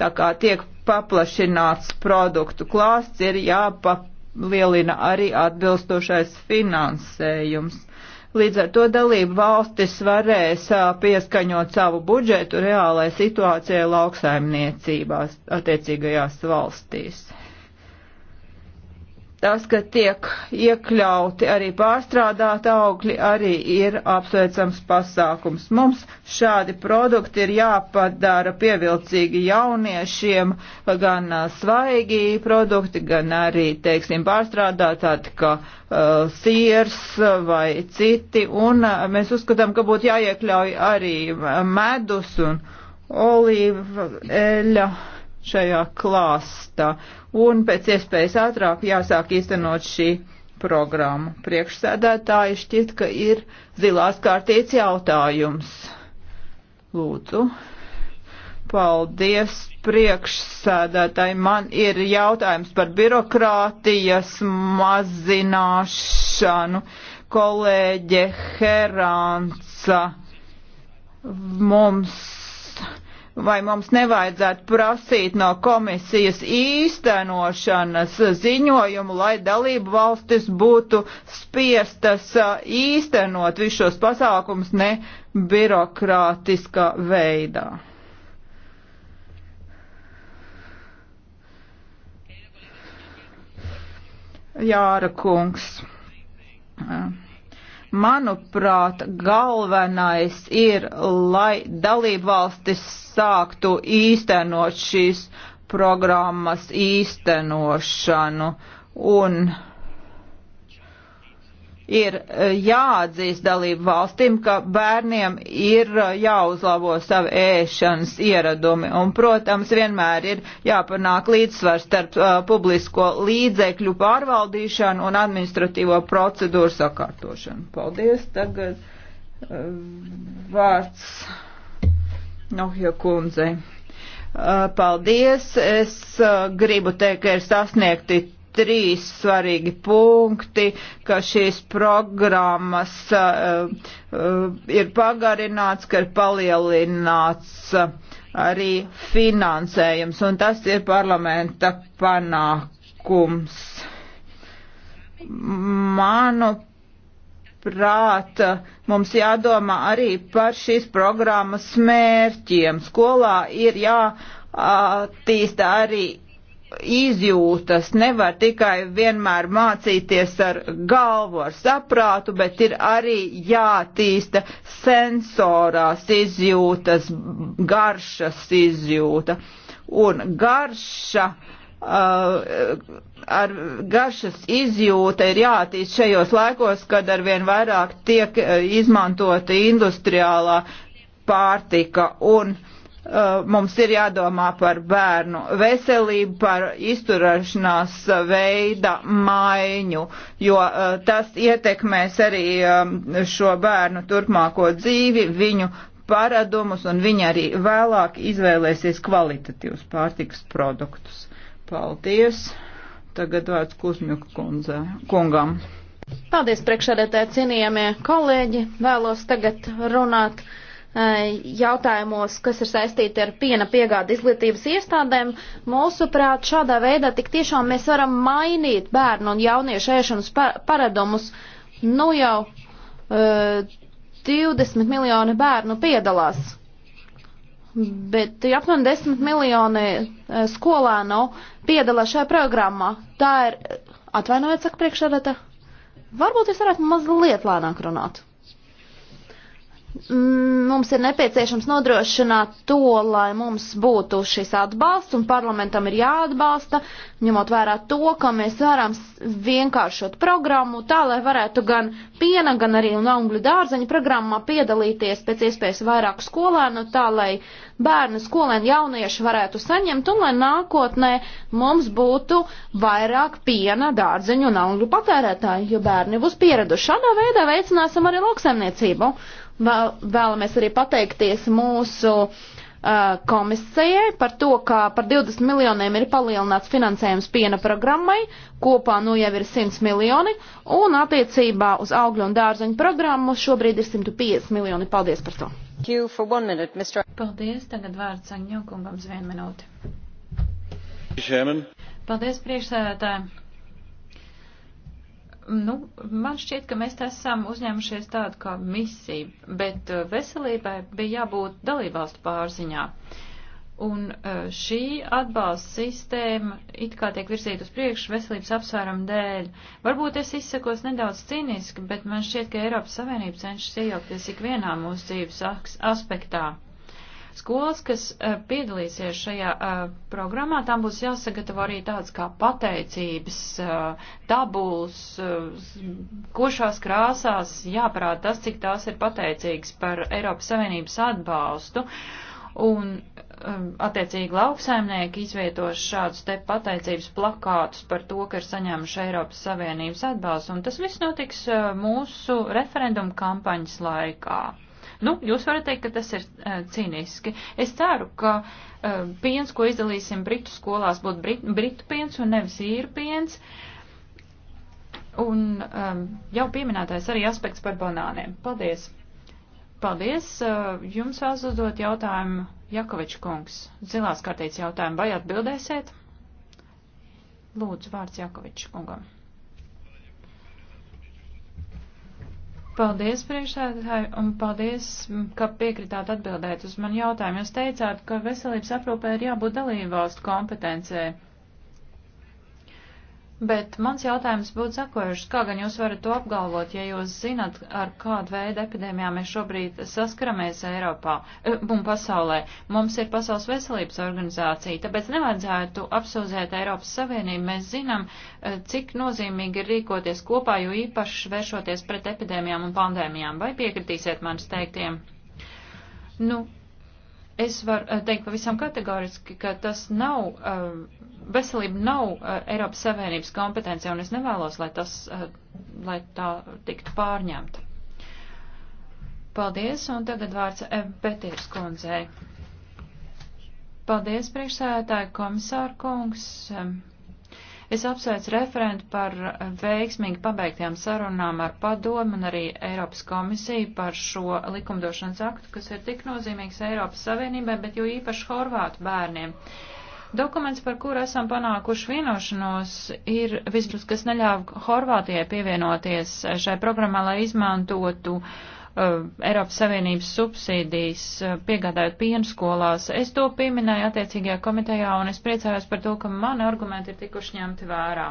Tā kā tiek paplašināts produktu klāsts, ir jāpalielina arī atbilstošais finansējums. Līdz ar to dalību valstis varēs pieskaņot savu budžetu reālajai situācijai lauksaimniecībās attiecīgajās valstīs. Tas, ka tiek iekļauti arī pārstrādāti augļi, arī ir apsveicams pasākums. Mums šādi produkti ir jāpadara pievilcīgi jauniešiem, gan svaigi produkti, gan arī, teiksim, pārstrādāti tādi, kā uh, siers vai citi. Un uh, mēs uzskatām, ka būtu jāiekļauj arī medus un olīveļa šajā klāstā un pēc iespējas ātrāk jāsāk īstenot šī programma. Priekšsēdētāji šķiet, ka ir zilās kārtīts jautājums. Lūdzu. Paldies priekšsēdētāji. Man ir jautājums par birokrātijas mazināšanu. Kolēģe Heranca mums vai mums nevajadzētu prasīt no komisijas īstenošanas ziņojumu, lai dalību valstis būtu spiestas uh, īstenot visus šos pasākumus ne birokrātiskā veidā. Jāra kungs. Uh. Manuprāt, galvenais ir, lai dalībvalstis sāktu īstenot šīs programmas īstenošanu un uh, ir eh, jāatzīst dalību valstīm, ka bērniem ir eh, jāuzlabo savu ēšanas ieradumi. Un, protams, vienmēr ir jāpanāk līdzsvars starp uh, publisko līdzekļu pārvaldīšanu un administratīvo procedūru sakārtošanu. Paldies. Tagad uh, vārds Nohja kundzei. Paldies! Es gribu teikt, ka ir sasniegti trīs svarīgi punkti, ka šīs programmas uh, uh, ir pagarināts, ka ir palielināts uh, arī finansējums, un tas ir parlamenta panākums. Manuprāt, mums jādomā arī par šīs programmas mērķiem. Skolā ir jāattīsta arī izjūtas. Nevar tikai vienmēr mācīties ar galvu, ar saprātu, bet ir arī jātīsta sensorās izjūtas, garšas izjūta. Un garša. Uh, ar garšas izjūta ir jātīst šajos laikos, kad arvien vairāk tiek uh, izmantota industriālā pārtika un uh, Eh, mums ir jādomā par bērnu veselību, par izturēšanās veida maiņu, jo eh, tas ietekmēs arī eh, šo bērnu turpmāko dzīvi, viņu paradumus, un viņi arī vēlāk izvēlēsies kvalitatīvus pārtikas produktus. Paldies! Tagad vārds Kusmjuka kungam. Paldies, priekšsēdētāji, cienījamie kolēģi! Vēlos tagad runāt Eh, jautājumos, kas ir saistīti ar piena piegādi izglītības iestādēm. Mūsuprāt, šādā veidā tik tiešām mēs varam mainīt bērnu un jauniešu ēšanas paradumus. Nu jau uh, eh, 20 miljoni bērnu piedalās, bet apmēram 10 miljoni uh, skolēnu piedalās šajā programmā. Tā ir, atvainojiet, saka priekšsēdētā, varbūt es varētu mazliet lēnāk runāt. Mm, mums ir nepieciešams nodrošināt to, lai mums būtu šis atbalsts, un parlamentam ir jāatbalsta, ņemot vērā to, ka mēs varam vienkāršot programmu tā, lai varētu gan piena, gan arī un augļu dārzeņu programmā piedalīties pēc iespējas vairāk skolēnu, tā, lai bērni, skolēni, jaunieši varētu saņemt, un lai nākotnē mums būtu vairāk piena, dārzeņu un augļu patērētāju, jo bērni būs pieraduši. Šādā veidā veicināsim arī lauksaimniecību. Vēl, vēlamies arī pateikties mūsu uh, komisijai par to, ka par 20 miljoniem ir palielināts finansējums piena programmai, kopā nu jau ir 100 miljoni, un attiecībā uz augļu un dārzeņu programmu šobrīd ir 150 miljoni. Paldies par to! Minute, Paldies, tagad vārds Aņokungam uz vienu minūti. Paldies, priekšsēdētāji! Nu, man šķiet, ka mēs esam uzņēmušies tādu kā misiju, bet uh, veselībai bija jābūt dalībvalstu pārziņā. Un uh, šī atbalsta sistēma it kā tiek virzīta uz priekšu veselības apsvērumu dēļ. Varbūt es izsakos nedaudz cīniski, bet man šķiet, ka Eiropas Savienība cenšas iejaukties ikvienā mūsu dzīves aspektā. Skolas, kas eh, piedalīsies šajā eh, programmā, tām būs jāsagatavo arī tāds kā pateicības eh, tabuls, košās krāsās jāparāda tas, cik tās ir pateicīgas par Eiropas Savienības atbalstu. Un attiecīgi lauksaimnieki izvietos šādus te pateicības plakātus par to, ka ir saņēmuši Eiropas Savienības atbalstu, un tas viss notiks mūsu referendumu kampaņas laikā. Nu, jūs varat teikt, ka tas ir uh, cīniski. Es ceru, ka uh, piens, ko izdalīsim Britu skolās, būtu Brit, Britu piens un nevis īru piens. Un um, jau pieminētais arī aspekts par banāniem. Paldies! Paldies! Uh, jums vēl uzdot jautājumu Jakovičs kungs. Zilās kartītes jautājumu. Vai atbildēsiet? Lūdzu, vārds Jakovičs kungam. Paldies, priekšsēdētāji, un paldies, ka piekritāt atbildēt uz manu jautājumu. Jūs teicāt, ka veselības aprūpē ir jābūt dalībvalstu kompetencē. Bet mans jautājums būtu sakojušs, kā gan jūs varat to apgalvot, ja jūs zinat, ar kādu veidu epidēmijā mēs šobrīd saskaramies Eiropā eh, un pasaulē. Mums ir Pasaules veselības organizācija, tāpēc nevajadzētu apsūdzēt Eiropas Savienību. Mēs zinām, eh, cik nozīmīgi ir rīkoties kopā, jo īpaši vēršoties pret epidēmijām un pandēmijām. Vai piekritīsiet manis teiktiem? Nu, es varu eh, teikt pavisam kategoriski, ka tas nav. Uh, veselība nav uh, Eiropas Savienības kompetence, un es nevēlos, lai, tas, uh, lai tā tiktu pārņemta. Paldies, un tagad vārds eh, Petīrs kundzei. Paldies, priekšsēdētāji, komisāra kungs. Um, es apsveicu referentu par uh, veiksmīgi pabeigtajām sarunām ar padomu un arī Eiropas komisiju par šo likumdošanas aktu, kas ir tik nozīmīgs Eiropas Savienībai, bet jo īpaši Horvātu bērniem. Uh, Dokuments, par kuru esam panākuši vienošanos, ir visdrus, kas neļāva Horvātijai pievienoties šai programmā, lai izmantotu uh, Eiropas Savienības subsīdijas, uh, piegādājot pienu skolās. Es to pieminēju attiecīgajā komitejā un es priecājos par to, ka mani argumenti ir tikuši ņemti vērā.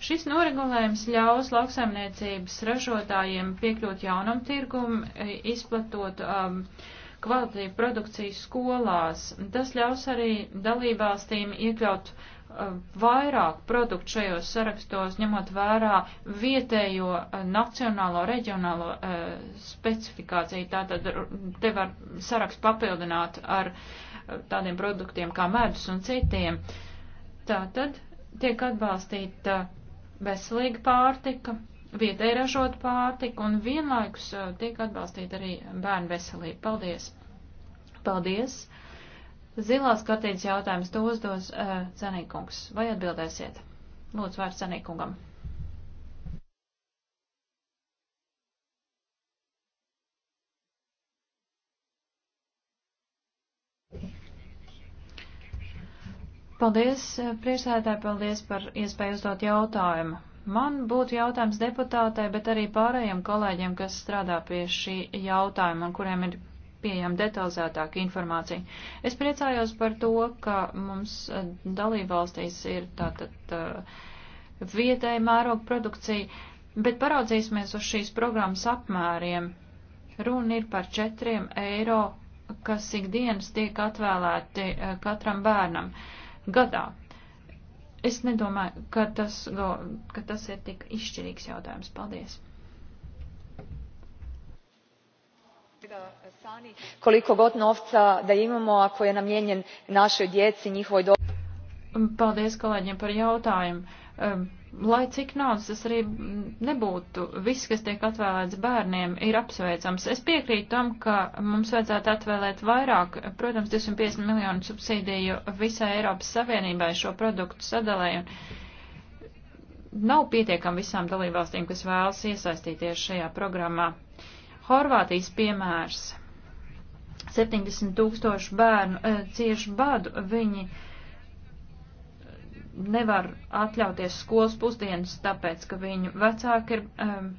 Šis noregulējums ļaus lauksaimniecības ražotājiem piekļūt jaunam tirgum, izplatot um, uh, kvalitīvu produkciju skolās. Tas ļaus arī dalībvalstīm iekļaut uh, vairāk produktu šajos sarakstos, ņemot vērā vietējo uh, nacionālo, reģionālo uh, specifikāciju. Tātad te var sarakstu papildināt ar uh, tādiem produktiem kā medus un citiem. Tātad tiek atbalstīta veselīga pārtika, vietēji ražot pārtiku un vienlaikus uh, tiek atbalstīta arī bērnu veselība. Paldies! Paldies! Zilās kartītes jautājums to uzdos uh, Cenīkungs. Vai atbildēsiet? Lūdzu, vārds Cenīkungam. Paldies, uh, priekšsēdētāji, paldies par iespēju uzdot jautājumu. Man būtu jautājums deputātai, bet arī pārējiem kolēģiem, kas strādā pie šī jautājuma un kuriem ir pieejama detalizētāka informācija. Es priecājos par to, ka mums eh, dalībvalstīs ir tātad eh, vietēja mēroga produkcija, bet paraudzīsimies uz šīs programmas apmēriem. Runa ir par 4 eiro, kas ikdienas tiek atvēlēti eh, katram bērnam gadā. Es nedomāju, ka tas, ka tas ir tik izšķirīgs jautājums. Paldies! koliko god novca da imamo ako je namijenjen našoj djeci njihovoj dobrobiti. Paldies kolēģiem par jautājumu. Um, lai cik naudas tas arī nebūtu, viss, kas tiek atvēlēts bērniem, ir apsveicams. Es piekrītu tam, ka mums vajadzētu atvēlēt vairāk, protams, 250 miljonu subsīdiju visai Eiropas Savienībai šo produktu sadalēju. Nav pietiekami visām dalībvalstīm, kas vēlas iesaistīties šajā programmā. Horvātijas piemērs. 70 tūkstoši bērnu e, cieši badu viņi nevar atļauties skolas pusdienas, tāpēc, ka viņu vecāki ir um,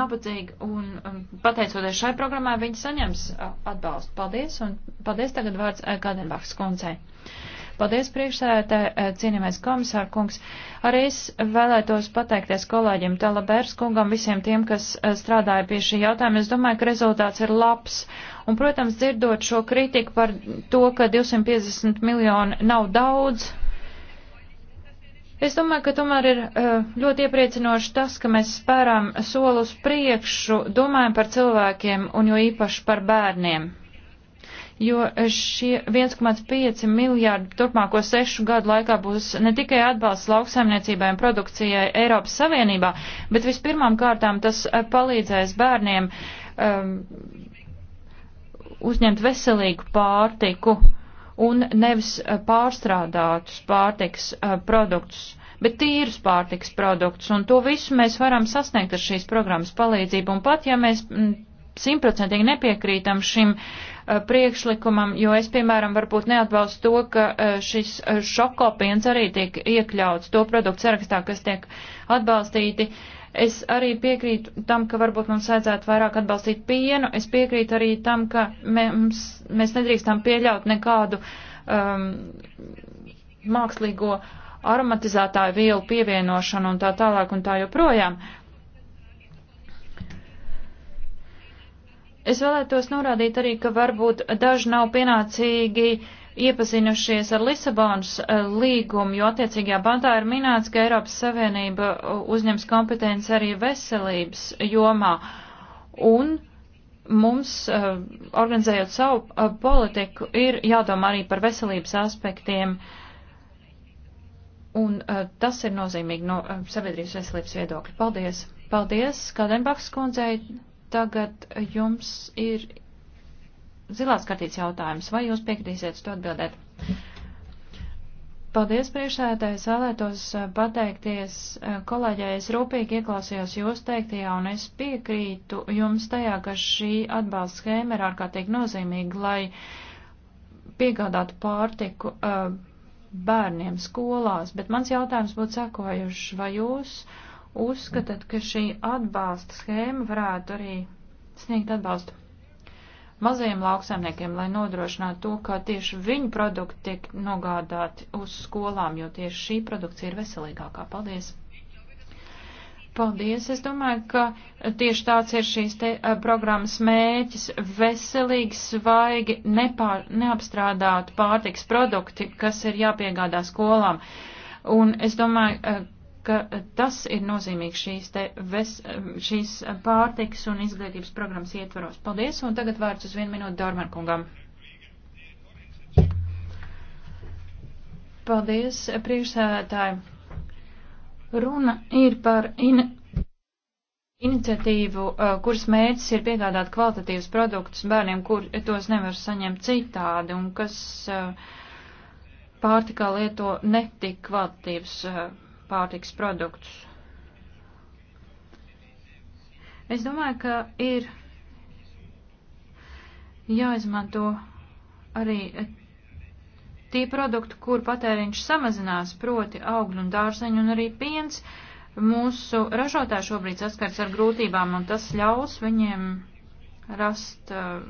nabadzīgi, un um, pateicoties šai programmai, viņi saņems uh, atbalstu. Paldies, un paldies tagad vārds uh, Gadenbachs kundzei. Paldies, priekšsēdētāji, cienījamais komisār kungs. Arī es vēlētos pateikties kolēģiem Telabērs kungam, visiem tiem, kas strādāja pie šī jautājuma. Es domāju, ka rezultāts ir labs. Un, protams, dzirdot šo kritiku par to, ka 250 miljoni nav daudz, Es domāju, ka tomēr ir eh, ļoti iepriecinoši tas, ka mēs spērām soli uz priekšu, domājam par cilvēkiem un jo īpaši par bērniem. Jo šie 1,5 miljārdi turpmāko sešu gadu laikā būs ne tikai atbalsts lauksaimniecībai un produkcijai Eiropas Savienībā, bet vispirmām kārtām tas eh, palīdzēs bērniem um, uzņemt veselīgu pārtiku. Uh, un nevis eh, pārstrādātus pārtiks eh, produktus, bet tīrus pārtiks produktus, un to visu mēs varam sasniegt ar šīs programmas palīdzību, un pat ja mēs mm, simtprocentīgi nepiekrītam šim eh, priekšlikumam, jo es, piemēram, varbūt neatbalstu to, ka šis šokopiens arī tiek iekļauts to produktu sarakstā, kas tiek atbalstīti. Uh, Es arī piekrītu tam, ka varbūt mums vajadzētu vairāk atbalstīt pienu. Es piekrītu arī tam, ka mēs, mēs nedrīkstam pieļaut nekādu um, mākslīgo aromatizētāju vielu pievienošanu un tā tālāk un tā joprojām. Es vēlētos norādīt arī, ka varbūt daži nav pienācīgi uh, iepazinušies ar Lisabonas eh, līgumu, jo attiecīgajā pantā ir minēts, ka Eiropas Savienība eh, uzņems kompetenci arī veselības jomā. Un mums, eh, organizējot savu politiku, ir jādomā arī par veselības aspektiem. Un tas ir nozīmīgi no sabiedrības veselības viedokļa. Paldies! Paldies, Kadenbachs kundzei! Tagad jums ir zilās kartītes jautājums. Vai jūs piekritīsiet uz to atbildēt? Paldies, priekšsēdētājs, vēlētos eh, pateikties eh, kolēģai, es rūpīgi ieklausījos jūs teiktajā un es piekrītu jums tajā, ka šī atbalsta schēma ir ārkārtīgi nozīmīga, lai piegādātu pārtiku uh, bērniem skolās, bet mans jautājums būtu sekojuši, vai jūs uzskatāt, ka šī atbalsta schēma varētu arī sniegt atbalstu mazajiem lauksaimniekiem, lai nodrošinātu to, ka tieši viņu produkti tiek nogādāti uz skolām, jo tieši šī produkcija ir veselīgākā. Paldies! Paldies! Es domāju, ka tieši tāds ir šīs te, eh, programmas mēķis - veselīgi, svaigi, nepār, neapstrādāt pārtiks produkti, kas ir jāpiegādā skolām. Un es domāju, eh, ka tas ir nozīmīgs šīs, te, ves, šīs pārtiks un izglītības programmas ietvaros. Paldies, un tagad vārds uz vienu minūtu Dārmarkungam. Paldies, priekšsēdētāji. Runa ir par in iniciatīvu, kuras mērķis ir piegādāt kvalitatīvus produktus bērniem, kur tos nevar saņemt citādi un kas pārtikā lieto netik kvalitatīvus produktus pārtiks produktus. Es domāju, ka ir jāizmanto arī tie produkti, kur patēriņš samazinās, proti augļu un dārzeņu un arī piens. Mūsu ražotāji šobrīd saskars ar grūtībām, un tas ļaus viņiem rast uh,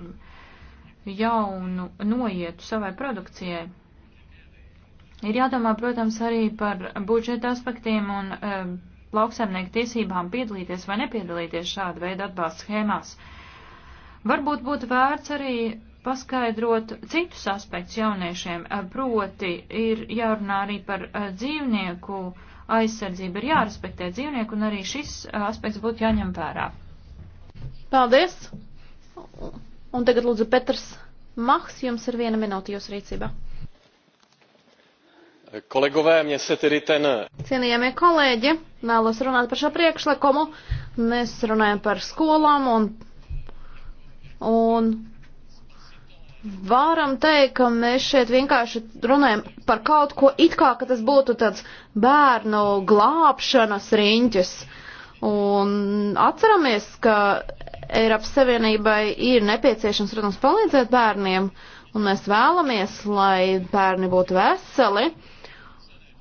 jaunu noietu savai produkcijai. Ir jādomā, protams, arī par budžeta aspektiem un e, lauksaimnieku tiesībām piedalīties vai nepiedalīties šāda veida atbalsta schēmās. Varbūt būtu vērts arī paskaidrot citus aspektus jauniešiem, eh, proti ir jārunā arī par eh, dzīvnieku aizsardzību, ir jārespektē dzīvnieku, un arī šis aspekts būtu jāņem vērā. Paldies! Un tagad lūdzu Petrs Mahs, jums ir viena minūte jūsu rīcībā. Mie se tedy ten. Eh, Cienījamie kolēģi, vēlos runāt par šo priekšlikumu. Mēs runājam par skolām un, un varam teikt, ka mēs šeit vienkārši runājam par kaut ko it kā, ka tas būtu tāds bērnu glābšanas riņķis. Un atceramies, ka Eiropas Savienībai ir nepieciešams, protams, palīdzēt bērniem, un mēs vēlamies, lai bērni būtu veseli.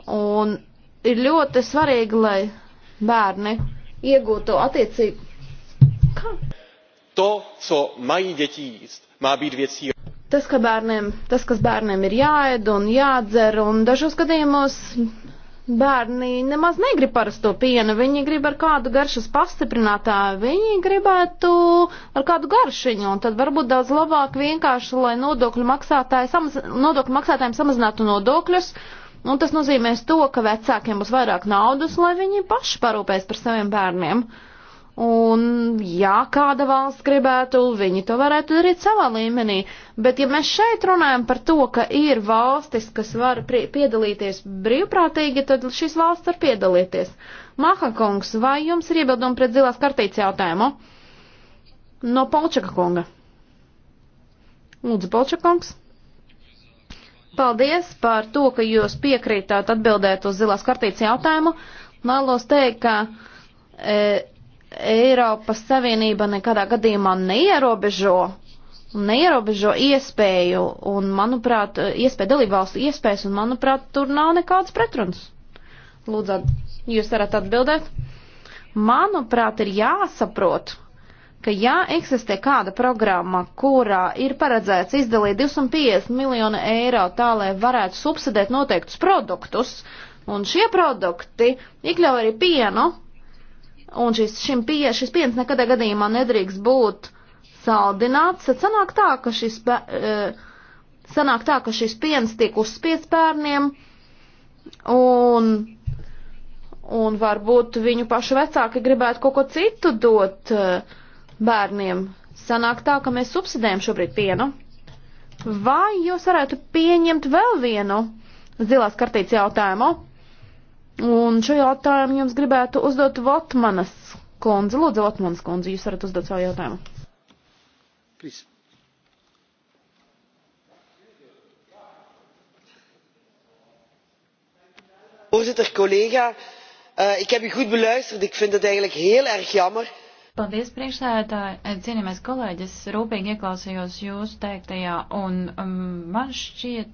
Un ir ļoti svarīgi, lai bērni iegūtu attiecību. Kā? To, co mají děti jíst, má být věcí. Tas, ka bērniem, tas, kas bērniem ir jāēd un jādzer, un dažos gadījumos bērni nemaz negrib parasto pienu, viņi grib ar kādu garšas pastiprinātāju, viņi gribētu ar kādu garšiņu, un tad varbūt daudz labāk vienkārši, lai nodokļu maksātāji, samaz, nodokļu maksātājiem samazinātu nodokļus, uh, Nu, tas nozīmēs to, ka vecākiem būs vairāk naudas, lai viņi paši parūpēs par saviem bērniem. Un, ja kāda valsts gribētu, viņi to varētu darīt savā līmenī. Bet, ja mēs šeit runājam par to, ka ir valstis, kas var piedalīties brīvprātīgi, tad šīs valsts var piedalīties. Mahakungs, vai jums ir iebildumi pret zilās kartītes jautājumu? No Polčaka kunga. Lūdzu, Polčakungs. Paldies par to, ka jūs piekrītāt atbildēt uz zilās kartītes jautājumu. Vēlos teikt, ka e, Eiropas Savienība nekādā gadījumā neierobežo, neierobežo iespēju un, manuprāt, iespēju dalībvalstu iespējas, un, manuprāt, tur nav nekāds pretruns. Lūdzu, jūs varat atbildēt. Manuprāt, ir jāsaprot, ka ja eksistē kāda programma, kurā ir paredzēts izdalīt 250 miljonu eiro tā, lai varētu subsidēt noteiktus produktus, un šie produkti iekļauj arī pienu, un šis, šim pie, šis piens nekadā gadījumā nedrīkst būt saldināts, tad sanāk tā, ka šis, e, sanāk tā, ka šis piens tiek uzspiest bērniem, un un varbūt viņu pašu vecāki gribētu kaut ko citu dot uh, bērniem. Sanāk tā, ka mēs subsidējam šobrīd pienu. Vai jūs varētu pieņemt vēl vienu zilās kartītes jautājumu? Un šo jautājumu jums gribētu uzdot Votmanas kundze. Lūdzu, Votmanas kundze, jūs varat uzdot savu jautājumu. Please. voorzitter collega eh, ik heb u goed beluisterd. ik vind het eigenlijk heel erg jammer Paldies, priekšsēdētāji. Eh, Cienījamais kolēģis, rūpīgi ieklausījos jūsu teiktajā, un um, man šķiet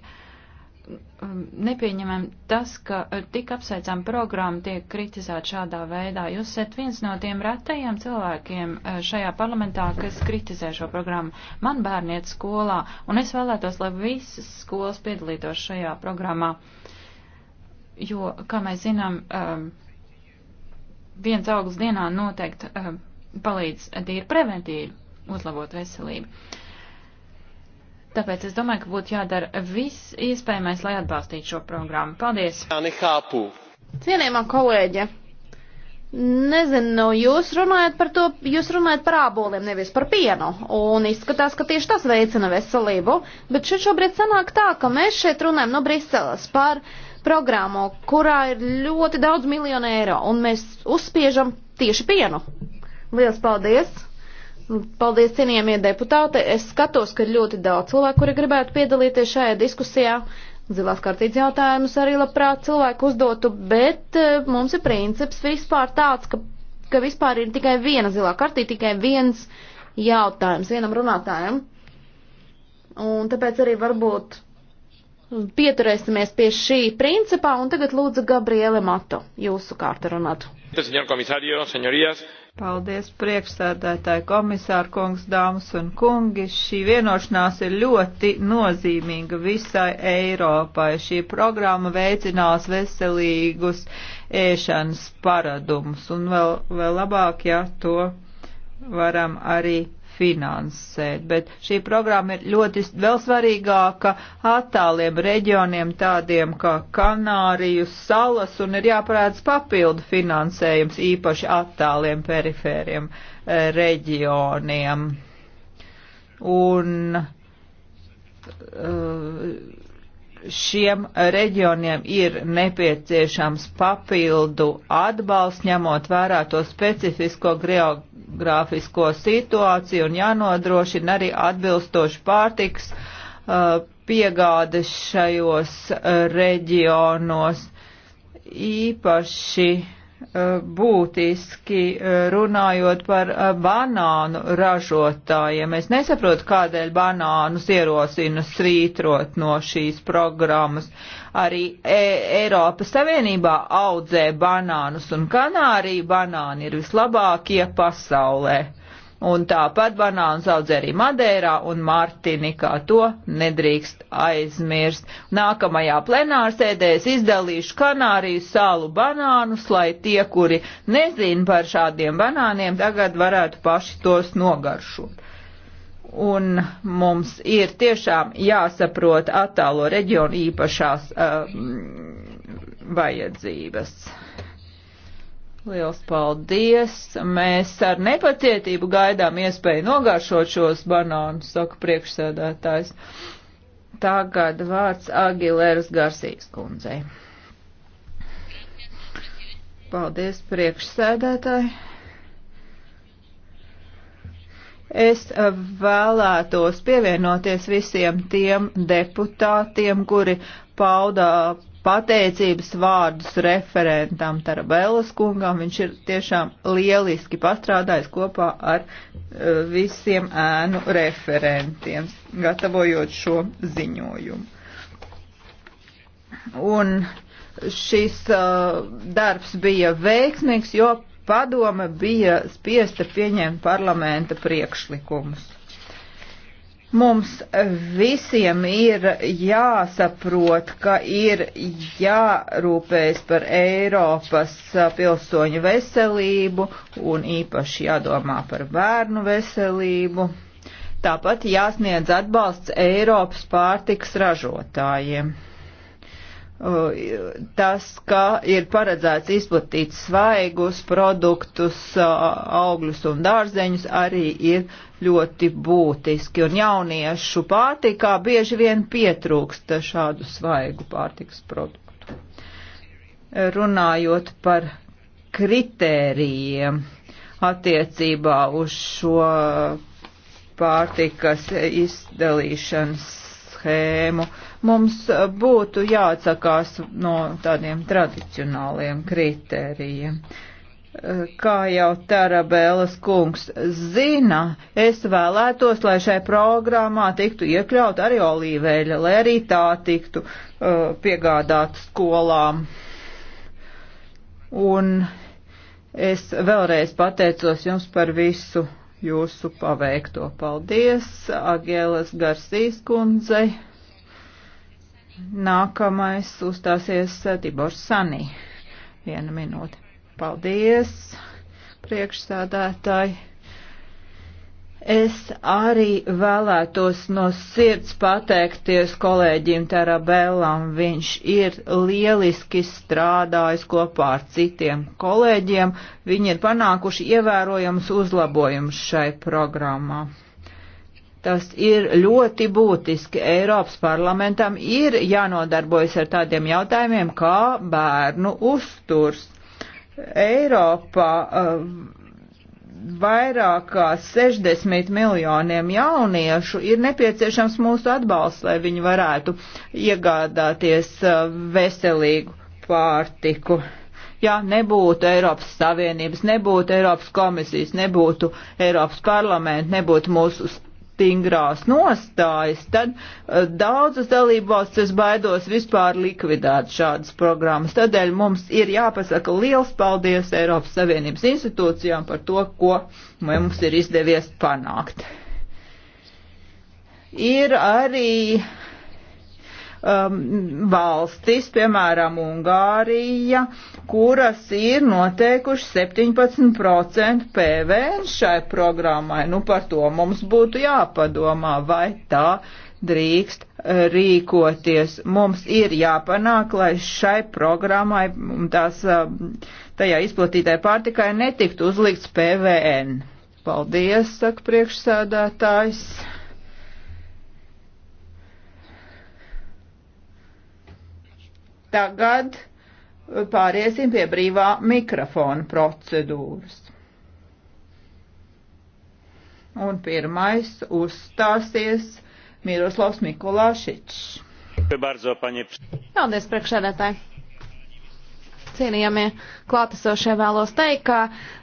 um, nepieņemam tas, ka eh, tik apsveicām programmu tiek kritizēt šādā veidā. Jūs esat viens no tiem retajiem cilvēkiem eh, šajā parlamentā, kas kritizē šo programmu. Man bērni iet skolā, un es vēlētos, lai visas skolas piedalītos šajā programmā, jo, kā mēs zinām, um, viens augsts dienā noteikti. Um, palīdz tīri preventīvi uzlabot veselību. Tāpēc es domāju, ka būtu jādara viss iespējamais, lai atbalstītu šo programmu. Paldies! Cienījamā kolēģe, nezinu, nu, jūs runājat par to, jūs runājat par āboliem, nevis par pienu, un izskatās, ka tieši tas veicina veselību, bet šeit šobrīd sanāk tā, ka mēs šeit runājam no Briseles par programmu, kurā ir ļoti daudz miljonu eiro, un mēs uzspiežam tieši pienu. Liels paldies! Paldies, cienījamie deputāti! Es skatos, ka ir ļoti daudz cilvēku, kuri gribētu piedalīties šajā diskusijā. Zilās kartītes jautājumus arī labprāt cilvēku uzdotu, bet e, mums ir princips vispār tāds, ka, ka vispār ir tikai viena zilā kartīte, tikai viens jautājums vienam runātājam. Un tāpēc arī varbūt pieturēsimies pie šī principā, un tagad lūdzu Gabriele Mato, jūsu kārta runāt. Señor komisārio, señorías, Paldies, priekšsēdētāji, komisāra kungs, dāmas un kungi. Šī vienošanās ir ļoti nozīmīga visai Eiropai. Šī programma veicinās veselīgus ēšanas paradumus un vēl, vēl labāk, ja to varam arī finansēt, bet šī programma ir ļoti vēl svarīgāka attāliem reģioniem tādiem kā Kanāriju salas un ir jāparāds papildu finansējums īpaši attāliem perifēriem eh, reģioniem. Un eh, šiem reģioniem ir nepieciešams papildu atbalsts, ņemot vērā to specifisko geogrāfisko demogrāfisko situāciju un jānodrošina arī atbilstoši pārtiks uh, piegādes šajos uh, reģionos. Īpaši Eh, būtiski eh, runājot par eh, banānu ražotājiem. Es nesaprotu, kādēļ banānus ierosina svītrot no šīs programmas. Arī e Eiropas Savienībā audzē banānus, un Kanārija banāni ir vislabākie pasaulē. Un tāpat banāns audz arī Madeirā un Martinikā. To nedrīkst aizmirst. Nākamajā plenārsēdē es izdalīšu Kanāriju salu banānus, lai tie, kuri nezin par šādiem banāniem, tagad varētu paši tos nogaršot. Un mums ir tiešām jāsaprot attālo reģionu īpašās uh, vajadzības. Liels paldies! Mēs ar nepacietību gaidām iespēju nogāršot šos banānus, saka priekšsēdētājs. Tagad vārds Agilēras Garsīs kundzei. Paldies, priekšsēdētāji! Es vēlētos pievienoties visiem tiem deputātiem, kuri paudā pateicības vārdus referentam Tarabēlas kungam. Viņš ir tiešām lieliski pastrādājis kopā ar e, visiem ēnu referentiem, gatavojot šo ziņojumu. Un šis uh, darbs bija veiksmīgs, jo padome bija spiesta pieņemt parlamenta priekšlikumus. Mums visiem ir jāsaprot, ka ir jārūpējas par Eiropas pilsoņu veselību un īpaši jādomā par bērnu veselību. Tāpat jāsniedz atbalsts Eiropas pārtiks ražotājiem. Uh, tas, ka ir paredzēts izplatīt svaigus produktus, uh, augļus un dārzeņus, arī ir ļoti būtiski. Un jauniešu pārtikā bieži vien pietrūkst šādu svaigu pārtikas produktu. Runājot par kritērijiem attiecībā uz šo pārtikas izdalīšanas schēmu, uh, Mums eh, būtu jāatsakās no tādiem tradicionāliem kritērijiem. Eh, kā jau Tarabēlas kungs zina, es vēlētos, lai šai programmā tiktu iekļaut arī olīveļa, lai arī tā tiktu uh, eh, piegādāt skolām. Un Es vēlreiz pateicos jums par visu jūsu paveikto. Paldies, Agēlas Garsīs kundzei! Nākamais uzstāsies eh, Tibors Sanī. Viena minūte. Paldies, priekšsādātāji. Es arī vēlētos no sirds pateikties kolēģim Tarabellam. Viņš ir lieliski strādājis kopā ar citiem kolēģiem. Viņi ir panākuši ievērojams uzlabojums šai programmā. Tas ir ļoti būtiski. Eiropas parlamentam ir jānodarbojas ar tādiem jautājumiem kā bērnu uzturs. Eiropā eh, vairāk kā 60 miljoniem jauniešu ir nepieciešams mūsu atbalsts, lai viņi varētu iegādāties eh, veselīgu pārtiku ja nebūtu Eiropas Savienības, nebūtu Eiropas komisijas, nebūtu Eiropas parlamenta, nebūtu mūsu stingrās nostājas, tad uh, daudzas dalībvalstis, es baidos, vispār likvidēt šādas programmas. Tādēļ mums ir jāpasaka liels paldies Eiropas Savienības institūcijām par to, ko mums ir izdevies panākt. Ir arī uh, um, valstis, piemēram, Ungārija, kuras ir noteikuši 17% PVN šai programmai. Nu, par to mums būtu jāpadomā, vai tā drīkst uh, rīkoties. Mums ir jāpanāk, lai šai programmai un tās um, tajā izplatītāja pārtikai netiktu uzlikts PVN. Paldies, saka priekšsēdētājs. Tagad uh, pāriesim pie brīvā mikrofona procedūras. Un pirmais uzstāsies Miroslavs Mikulāšičs. Paldies, priekšsēdētāji! Cienījamie klātesošie vēlos teikt, ka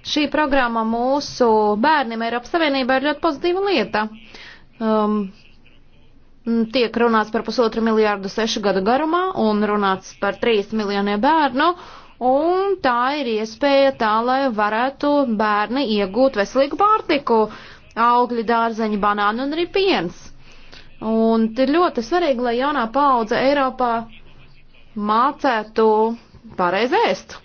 šī programma mūsu bērniem Eiropas Savienībā ir ļoti pozitīva lieta. Um, Mm, tiek runāts par pusotru miljārdu sešu gadu garumā un runāts par trīs miljoniem bērnu. Un tā ir iespēja tā, lai varētu bērni iegūt veselīgu pārtiku, augļi, dārzeņi, banāni un arī piens. Un ir ļoti svarīgi, lai jaunā paudze Eiropā mācētu pareizi ēst.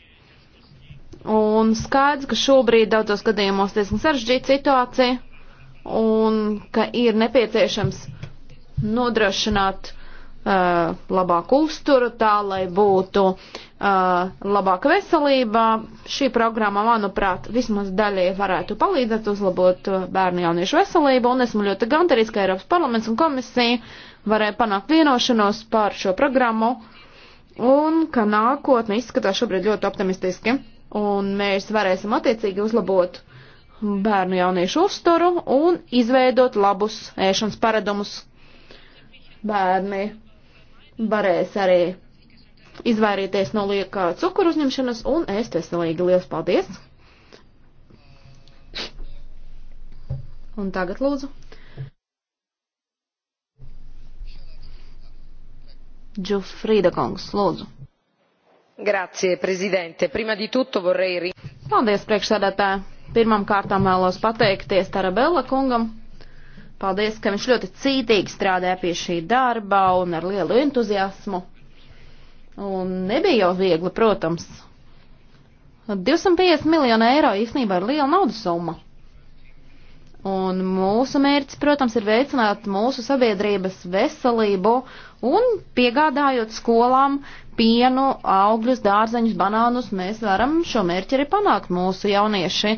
Un skaidrs, ka šobrīd daudzos gadījumos diezgan sarežģīta situācija un ka ir nepieciešams nodrošināt uh, labāku uzturu, tā lai būtu uh, labāka veselība. Šī programma, manuprāt, vismaz daļai varētu palīdzēt uzlabot uh, bērnu jauniešu veselību, un esmu ļoti gandarīts, ka Eiropas parlaments un komisija varēja panākt vienošanos par šo programmu, un ka nākotne izskatās šobrīd ļoti optimistiski, un mēs varēsim attiecīgi uzlabot bērnu jauniešu uzturu un izveidot labus ēšanas paradumus, bērni varēs arī izvairīties no lieka cukuru uzņemšanas un ēst veselīgi. Lielas paldies! Un tagad lūdzu. Džufrīda kungs, lūdzu. Grazie, prezidente. Prima di tutto vorrei... Paldies, priekšsēdētāji. Pirmam kārtām vēlos pateikties Tarabella kungam Paldies, ka viņš ļoti cītīgi strādāja pie šī darba un ar lielu entuziasmu. Un nebija jau viegli, protams. 250 miljonu eiro īstenībā ir liela naudas summa. Un mūsu mērķis, protams, ir veicināt mūsu sabiedrības veselību un piegādājot skolām pienu, augļus, dārzeņus, banānus, mēs varam šo mērķi arī panākt. Mūsu jaunieši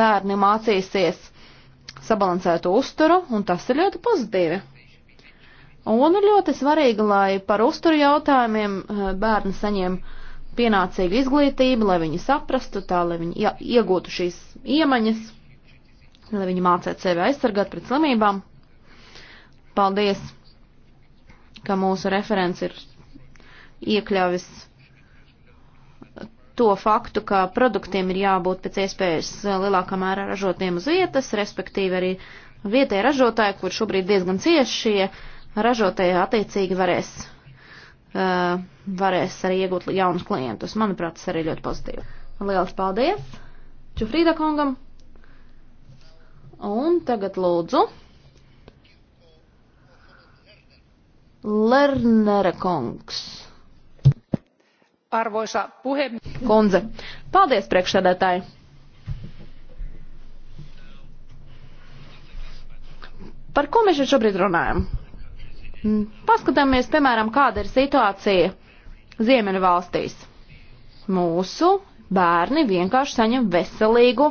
bērni mācīsies sabalansētu uzturu, un tas ir ļoti pozitīvi. Un ir ļoti svarīgi, lai par uzturu jautājumiem eh, bērni saņem pienācīgu izglītību, lai viņi saprastu tā, lai viņi iegūtu šīs iemaņas, lai viņi mācētu sevi aizsargāt pret slimībām. Paldies, ka mūsu referents ir iekļāvis to faktu, ka produktiem ir jābūt pēc iespējas lielākā mērā ražotiem uz vietas, respektīvi arī vietējie ražotāji, kur šobrīd diezgan cieši šie ražotāji attiecīgi varēs, uh, varēs arī iegūt jaunus klientus. Manuprāt, tas arī ļoti pozitīvi. Lielas paldies Čufrīda kungam. Un tagad lūdzu Lernere kungs. Arvoisa puhemies. Kundze. Paldies, priekšsēdētāji. Par ko mēs šobrīd runājam? Mm, paskatāmies, piemēram, kāda ir situācija Ziemeļu valstīs. Mūsu bērni vienkārši saņem veselīgu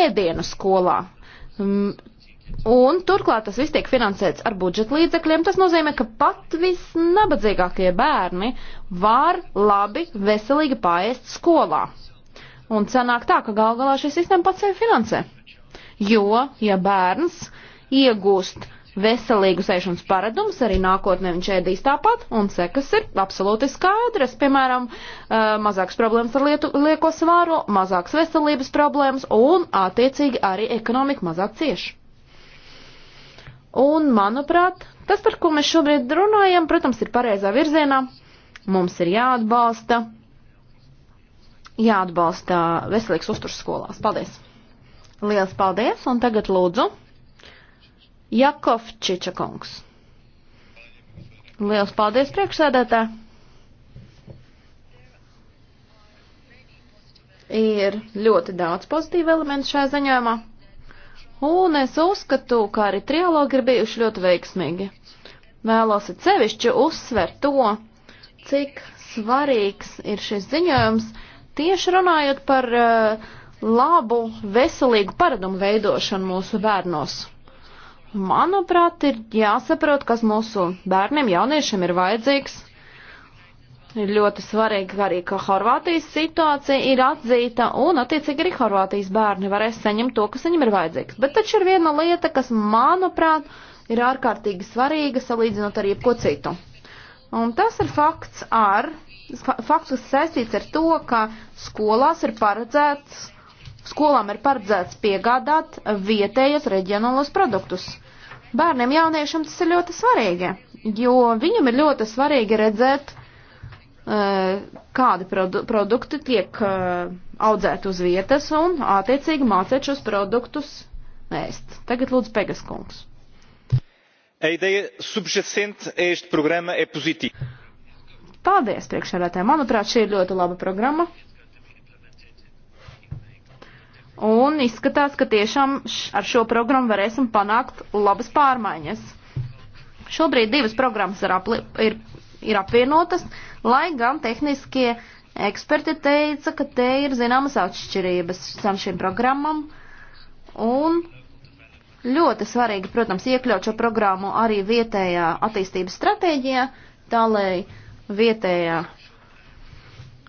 ēdienu skolā. Mm, Un turklāt tas viss tiek finansēts ar budžeta līdzekļiem. Tas nozīmē, ka pat visnabadzīgākie bērni var labi, veselīgi paēst skolā. Un sanāk tā, ka gal galā šī sistēma pats sevi finansē. Jo, ja bērns iegūst veselīgu sēšanas paradumus, arī nākotnē viņš ēdīs tāpat, un sekas ir absolūti skaidras. Piemēram, mazāks problēmas ar lietu, lieko svāru, mazāks veselības problēmas, un attiecīgi arī ekonomika mazāk cieši. Un, manuprāt, tas, par ko mēs šobrīd runājam, protams, ir pareizā virzienā. Mums ir jāatbalsta, jāatbalsta veselīgs uzturs skolās. Paldies! Liels paldies! Un tagad lūdzu Jakov Čičakungs. Liels paldies priekšsēdētā! Ir ļoti daudz pozitīvu elementu šajā ziņojumā. Un es uzskatu, ka arī trialogi ir bijuši ļoti veiksmīgi. Vēlos atsevišķi uzsvert to, cik svarīgs ir šis ziņojums, tieši runājot par uh, labu, veselīgu paradumu veidošanu mūsu bērnos. Manuprāt, ir jāsaprot, kas mūsu bērniem, jauniešiem ir vajadzīgs, Ir ļoti svarīgi arī, ka Horvātijas situācija ir atzīta un, attiecīgi, arī Horvātijas bērni varēs saņemt to, kas viņam ir vajadzīgs. Bet taču ir viena lieta, kas, manuprāt, ir ārkārtīgi svarīga salīdzinot ar jebko citu. Un tas ir fakts ar, fakts, kas saistīts ar to, ka skolās ir paredzēts, skolām ir paredzēts piegādāt vietējos reģionālos produktus. Bērniem jauniešiem tas ir ļoti svarīgi, jo viņam ir ļoti svarīgi redzēt, Eh, kādi produ produkti tiek eh, audzēti uz vietas un attiecīgi mācēt šos produktus ēst. Tagad lūdzu Pegas kungs. Paldies, priekšsēdētāji. Manuprāt, šī ir ļoti laba programma. Un izskatās, ka tiešām ar šo programmu varēsim panākt labas pārmaiņas. Šobrīd divas programmas ir, apli, ir ir apvienotas, lai gan tehniskie eksperti teica, ka te ir zināmas atšķirības visam šim programmam. Un ļoti svarīgi, protams, iekļaut šo programmu arī vietējā attīstības stratēģijā, tā lai vietējā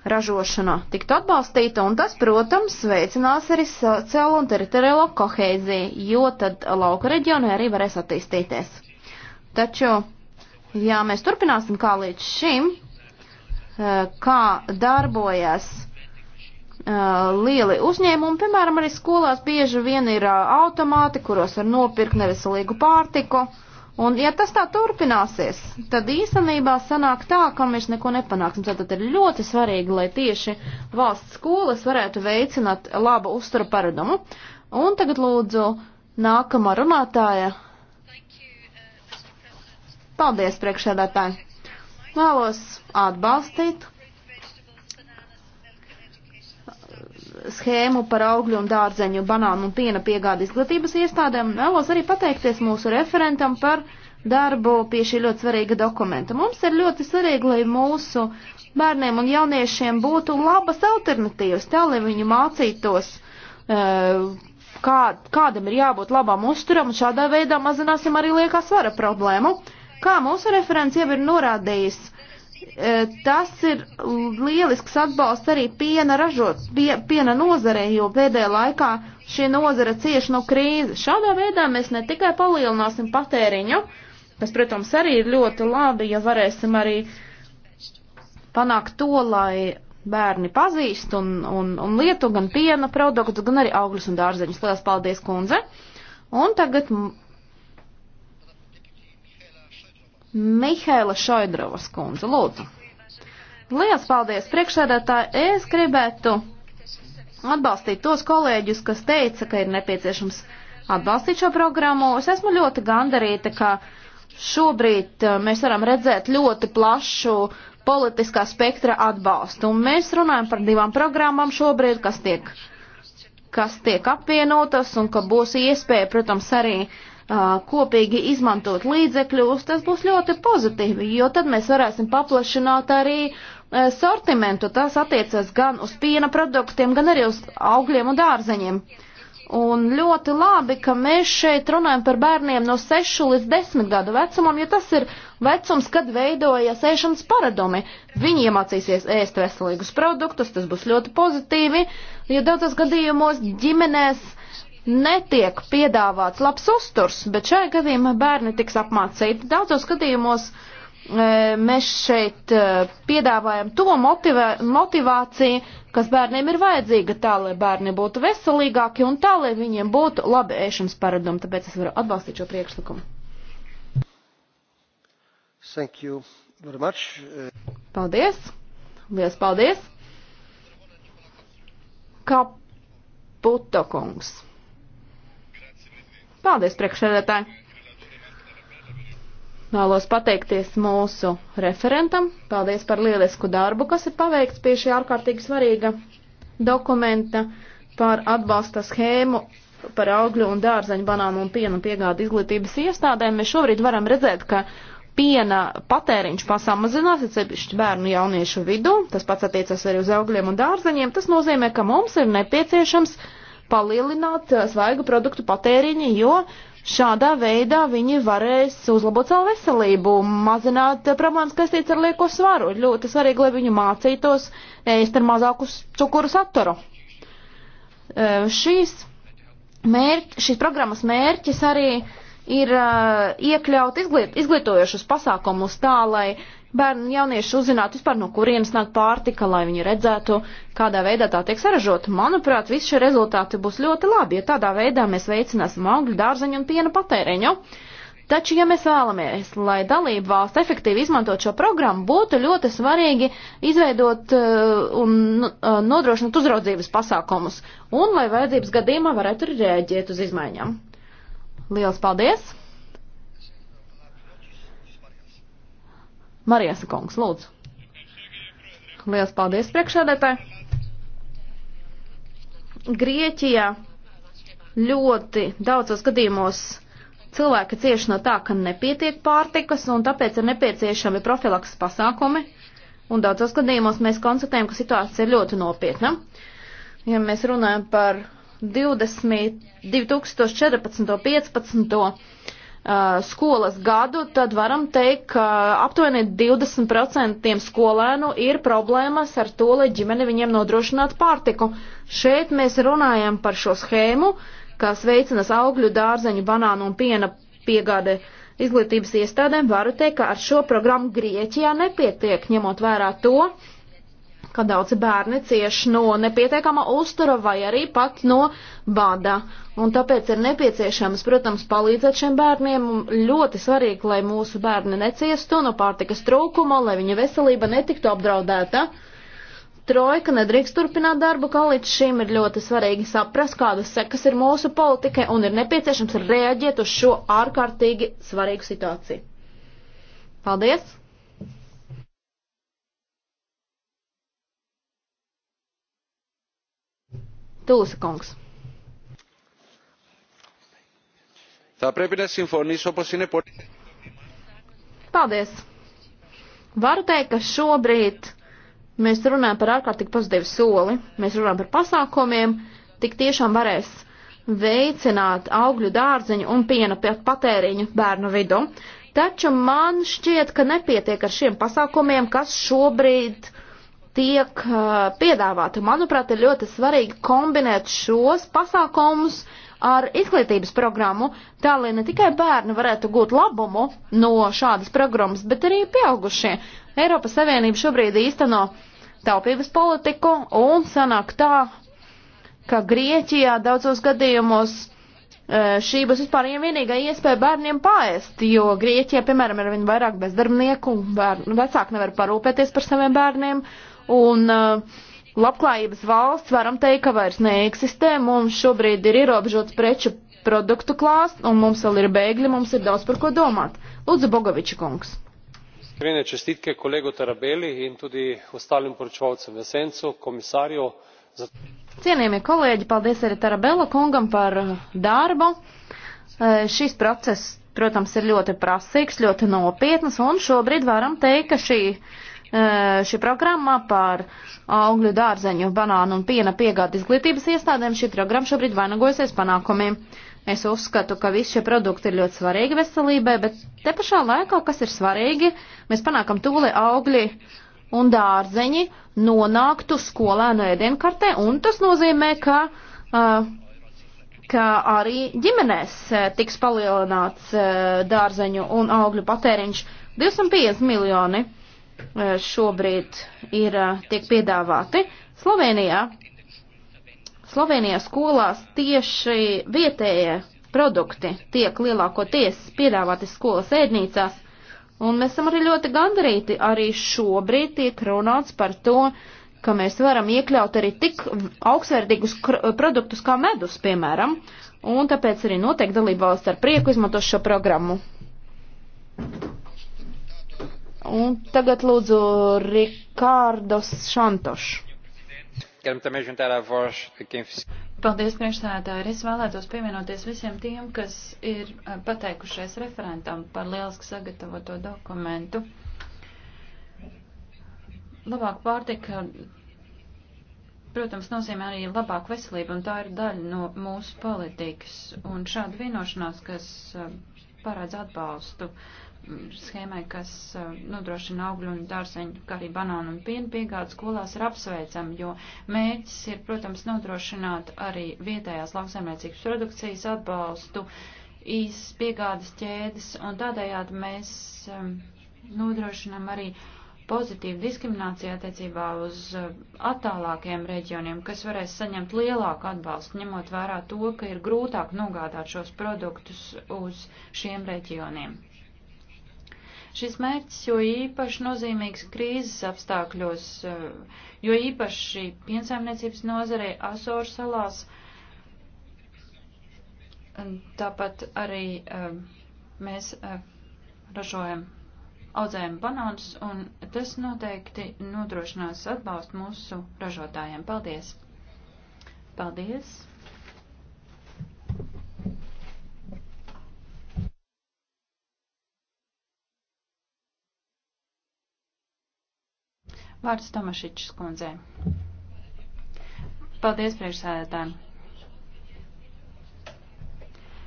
ražošana tiktu atbalstīta, un tas, protams, veicinās arī sociālo un teritoriālo koheiziju, jo tad lauka reģioni arī varēs attīstīties. Taču ja mēs turpināsim kā līdz šim, eh, kā darbojas eh, lieli uzņēmumi, piemēram, arī skolās bieži vien ir eh, automāti, kuros var nopirkt neveselīgu pārtiku. Un ja tas tā turpināsies, tad īstenībā sanāk tā, ka mēs neko nepanāksim. Tātad ir ļoti svarīgi, lai tieši valsts skolas varētu veicināt labu uzturu paradumu. Un tagad lūdzu nākamā runātāja Paldies, priekšsēdētāji! Vēlos atbalstīt schēmu par augļu un dārzeņu, banānu un piena piegādi izglītības iestādēm. Vēlos arī pateikties mūsu referentam par darbu pie šī ļoti svarīga dokumenta. Mums ir ļoti svarīgi, lai mūsu bērniem un jauniešiem būtu labas alternatīvas, tā lai viņi mācītos, e, kā, kādam ir jābūt labam uzturam, un šādā veidā mazināsim arī liekā svara problēmu. Kā mūsu referents jau ir norādījis, e, tas ir lielisks atbalsts arī piena ražot, pie, piena nozarei, jo pēdējā laikā šī nozara cieši no krīzes. Šādā veidā mēs ne tikai palielināsim patēriņu, kas, protams, arī ir ļoti labi, ja varēsim arī panākt to, lai bērni pazīst un, un, un lietu gan piena produktus, gan arī augļus un dārzeņus. Lielas paldies, kundze! Un tagad Mihaila Šoidrovas kundze, lūdzu. Lielas paldies, priekšsēdētāji. Es gribētu atbalstīt tos kolēģus, kas teica, ka ir nepieciešams atbalstīt šo programmu. Es esmu ļoti gandarīta, ka šobrīd eh, mēs varam redzēt ļoti plašu politiskā spektra atbalstu. Un mēs runājam par divām programmām šobrīd, kas tiek kas tiek apvienotas un ka būs iespēja, protams, arī uh, kopīgi izmantot līdzekļus, tas būs ļoti pozitīvi, jo tad mēs varēsim paplašināt arī sortimentu. Tas attiecas gan uz piena produktiem, gan arī uz augļiem un dārzeņiem. Un ļoti labi, ka mēs šeit runājam par bērniem no 6 līdz 10 gadu vecumam, jo tas ir vecums, kad veidojas ēšanas paradumi. Viņi iemācīsies ēst veselīgus produktus, tas būs ļoti pozitīvi, jo daudzos gadījumos ģimenēs uh, netiek piedāvāts labs uzturs, bet šajā gadījumā bērni tiks apmācīti. Daudzos gadījumos e, mēs šeit e, piedāvājam to motivē, motivāciju, kas bērniem ir vajadzīga tā, lai bērni būtu veselīgāki un tā, lai viņiem būtu labi ēšanas paradumi. Tāpēc es varu atbalstīt šo priekšlikumu. Thank you very much. Paldies! Lielas paldies! Kaputo kungs! Paldies, priekšsēdētāji! Vēlos pateikties mūsu referentam. Paldies par lielisku darbu, kas ir paveikts pie šī ārkārtīgi svarīga dokumenta par atbalsta schēmu par augļu un dārzeņu banānu un pienu piegādu izglītības iestādēm. Mēs šobrīd varam redzēt, ka piena patēriņš pasamazinās, atsevišķi bērnu jauniešu vidū. Tas pats attiecas arī uz augļiem un dārzeņiem. Tas nozīmē, ka mums ir nepieciešams uh, palielināt svaigu produktu patēriņu, jo šādā veidā viņi varēs uzlabot savu veselību, mazināt problēmas, kas tiec ar lieko svaru. Ir ļoti svarīgi, lai viņi mācītos ēst ar mazāku cukuru saturu. Šīs, mērķi, šīs programmas mērķis arī ir uh, iekļaut izgliet, izglītojošus pasākumus tā, lai bērni un jaunieši uzzinātu vispār, no kurienes nāk pārtika, lai viņi redzētu, kādā veidā tā tiek saražota. Manuprāt, visi šie rezultāti būs ļoti labi, ja tādā veidā mēs veicināsim augļu, dārzeņu un piena patēriņu. Taču, ja mēs vēlamies, lai dalību valsts efektīvi izmantot šo programmu, būtu ļoti svarīgi izveidot eh, un nu, eh, nodrošināt uzraudzības pasākumus, un lai vajadzības gadījumā varētu arī rēģēt uz izmaiņām. Lielas paldies! Marijas kungs, lūdzu. Lielas paldies priekšādētāji. Grieķijā ļoti daudzos gadījumos cilvēki cieši no tā, ka nepietiek pārtikas un tāpēc ir nepieciešami profilakses pasākumi. Un daudzos gadījumos mēs konstatējam, ka situācija ir ļoti nopietna. Ja mēs runājam par 20, 2014. 15 Uh, skolas gadu, tad varam teikt, ka aptuveni 20% skolēnu ir problēmas ar to, lai ģimene viņiem nodrošinātu pārtiku. Šeit mēs runājam par šo schēmu, kas veicinas augļu, dārzeņu, banānu un piena piegāde izglītības iestādēm. Varu teikt, ka ar šo programmu Grieķijā nepietiek, ņemot vērā to, ka daudzi bērni cieš no nepietiekama uztara vai arī pat no bada. Un tāpēc ir nepieciešams, protams, palīdzēt šiem bērniem. Ļoti svarīgi, lai mūsu bērni neciestu no pārtikas trūkuma, lai viņa veselība netiktu apdraudēta. Trojka nedrīkst turpināt darbu, kā līdz šim ir ļoti svarīgi saprast, kādas sekas ir mūsu politikai un ir nepieciešams reaģēt uz šo ārkārtīgi svarīgu situāciju. Paldies! Τούλσα Κόγκς. Θα πρέπει να συμφωνήσω όπως είναι πολύ... Paldies! Varu teikt, ka šobrīd mēs runājam par ārkārtīgi pozitīvu soli. Mēs runājam par pasākumiem, tik tiešām varēs veicināt augļu dārzeņu un piena patēriņu bērnu vidu. Taču man šķiet, ka nepietiek ar šiem pasākumiem, kas šobrīd tiek piedāvāti. Manuprāt, ir ļoti svarīgi kombinēt šos pasākumus ar izglītības programmu, tā lai ne tikai bērni varētu gūt labumu no šādas programmas, bet arī pieaugušie. Eiropas Savienība šobrīd īsteno taupības politiku un sanāk tā, ka Grieķijā daudzos gadījumos šī būs vispār vienīgā iespēja bērniem pāriest, jo Grieķijā, piemēram, ir viņi vairāk bezdarbnieku un bērni, vecāki nevar parūpēties par saviem bērniem. Uh, un uh, labklājības valsts varam teikt, ka vairs neeksistē. Mums šobrīd ir ierobežots preču produktu klāsts, un mums vēl ir bēgļi, mums ir daudz par ko domāt. Lūdzu, Bogoviča kungs. Iskrene čestitke kolegu Tarabeli in tudi ostalim poročevalcem v Sencu, komisarju. Za... Cienījamie kolēģi, paldies arī Tarabela kungam par uh, darbu. Uh, šis process, protams, ir ļoti prasīgs, ļoti nopietnas, un šobrīd varam teikt, ka šī Eh, šī programma par augļu dārzeņu, banānu un piena piegādi izglītības iestādēm. Šī programma šobrīd vainagojasies panākumiem. Es uzskatu, ka visi šie produkti ir ļoti svarīgi veselībai, bet te pašā laikā, kas ir svarīgi, mēs panākam to, lai augļi un dārzeņi nonāktu skolēnu no ēdienkartē, un tas nozīmē, ka, eh, ka arī ģimenēs eh, tiks palielināts dārzeņu un augļu patēriņš 250 miljoni. Eh, šobrīd ir, eh, tiek piedāvāti. Slovenijā, Slovenijā skolās tieši vietējie produkti tiek lielākoties piedāvāti skolas ēdnīcās, un mēs esam arī ļoti gandarīti. Arī šobrīd tiek runāts par to, ka mēs varam iekļaut arī tik augstsvērtīgus produktus kā medus, piemēram, un tāpēc arī noteikti dalībvalsts ar prieku izmantos šo programmu. Un tagad lūdzu Rikārdos Šantošs. Paldies, priekšsēdētāji. Es vēlētos pievienoties visiem tiem, kas ir eh, pateikušies referentam par lieliski sagatavoto dokumentu. Labāk pārtika, protams, nozīmē arī labāku veselību, un tā ir daļa no mūsu politikas. Un šāda vienošanās, kas eh, paredz atbalstu mm, schēmai, kas eh, nodrošina augļu un dārzeņu, kā arī banānu un pienu piegādes skolās, ir apsveicama, jo mērķis ir, protams, nodrošināt arī vietējās lauksaimniecības produkcijas atbalstu, īsas piegādes ķēdes, un tādējādi mēs eh, nodrošinām arī uh, pozitīvu diskrimināciju attiecībā uz eh, attālākiem reģioniem, kas varēs saņemt lielāku atbalstu, ņemot vērā to, ka ir grūtāk nogādāt šos produktus uz šiem reģioniem. Šis mērķis jo īpaši nozīmīgs krīzes apstākļos, eh, jo īpaši piensaimniecības nozarei Azoru salās, tāpat arī eh, mēs ražojam audzējam banānus, un tas noteikti nodrošinās atbalstu mūsu ražotājiem. Paldies! Paldies! Vārds Tomašičs kundzei. Paldies priekšsēdētājiem!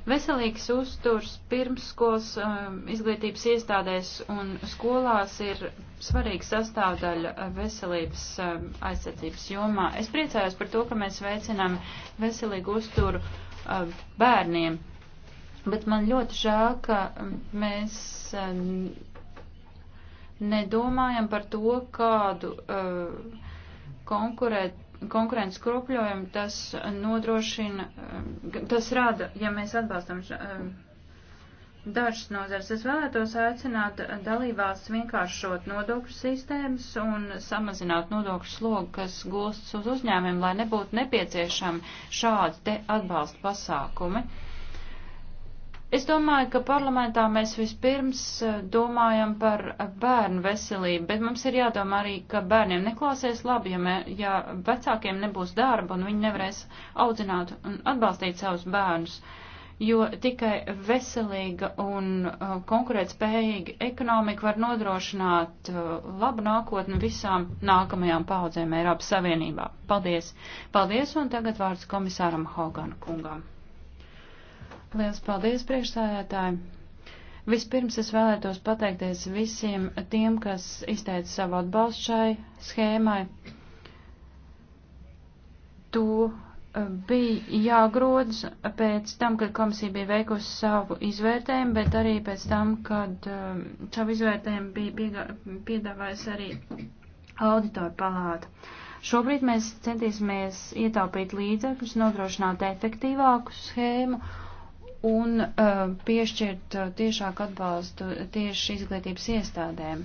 Veselīgs uzturs pirmskolas um, izglītības iestādēs un skolās ir svarīga sastāvdaļa uh, veselības um, aizsardzības jomā. Es priecājos par to, ka mēs veicinām veselīgu uzturu um, bērniem, bet man ļoti žēl, ka um, mēs um, nedomājam par to, kādu uh, konkurēt konkurences kropļojumu, tas nodrošina, eh, tas rada, ja mēs atbalstam eh, dažas nozares. Es vēlētos aicināt dalībās vienkāršot nodokļu sistēmas un samazināt nodokļu slogu, kas gulstas uz uzņēmumiem, lai nebūtu nepieciešami šādi te atbalsta pasākumi. Es domāju, ka parlamentā mēs vispirms eh, domājam par bērnu veselību, bet mums ir jādomā arī, ka bērniem neklāsies labi, ja, mē, ja vecākiem nebūs darba un viņi nevarēs audzināt un atbalstīt savus bērnus, jo tikai veselīga un uh, konkurētspējīga ekonomika var nodrošināt uh, labu nākotni visām nākamajām paudzēm Eiropas Savienībā. Paldies! Paldies, un tagad vārds komisāram Hogan kungam. Liels paldies, priekšsēdētāji! Vispirms es vēlētos pateikties visiem tiem, kas izteica savu atbalstu šai schēmai. To eh, bija jāgrodz pēc tam, kad komisija bija veikusi savu izvērtējumu, bet arī pēc tam, kad um, savu izvērtējumu bija piedāvājis arī auditoru palāta. Šobrīd mēs centīsimies ietaupīt līdzekļus, nodrošināt efektīvāku schēmu un uh, piešķirt uh, tiešāku atbalstu tieši izglītības iestādēm.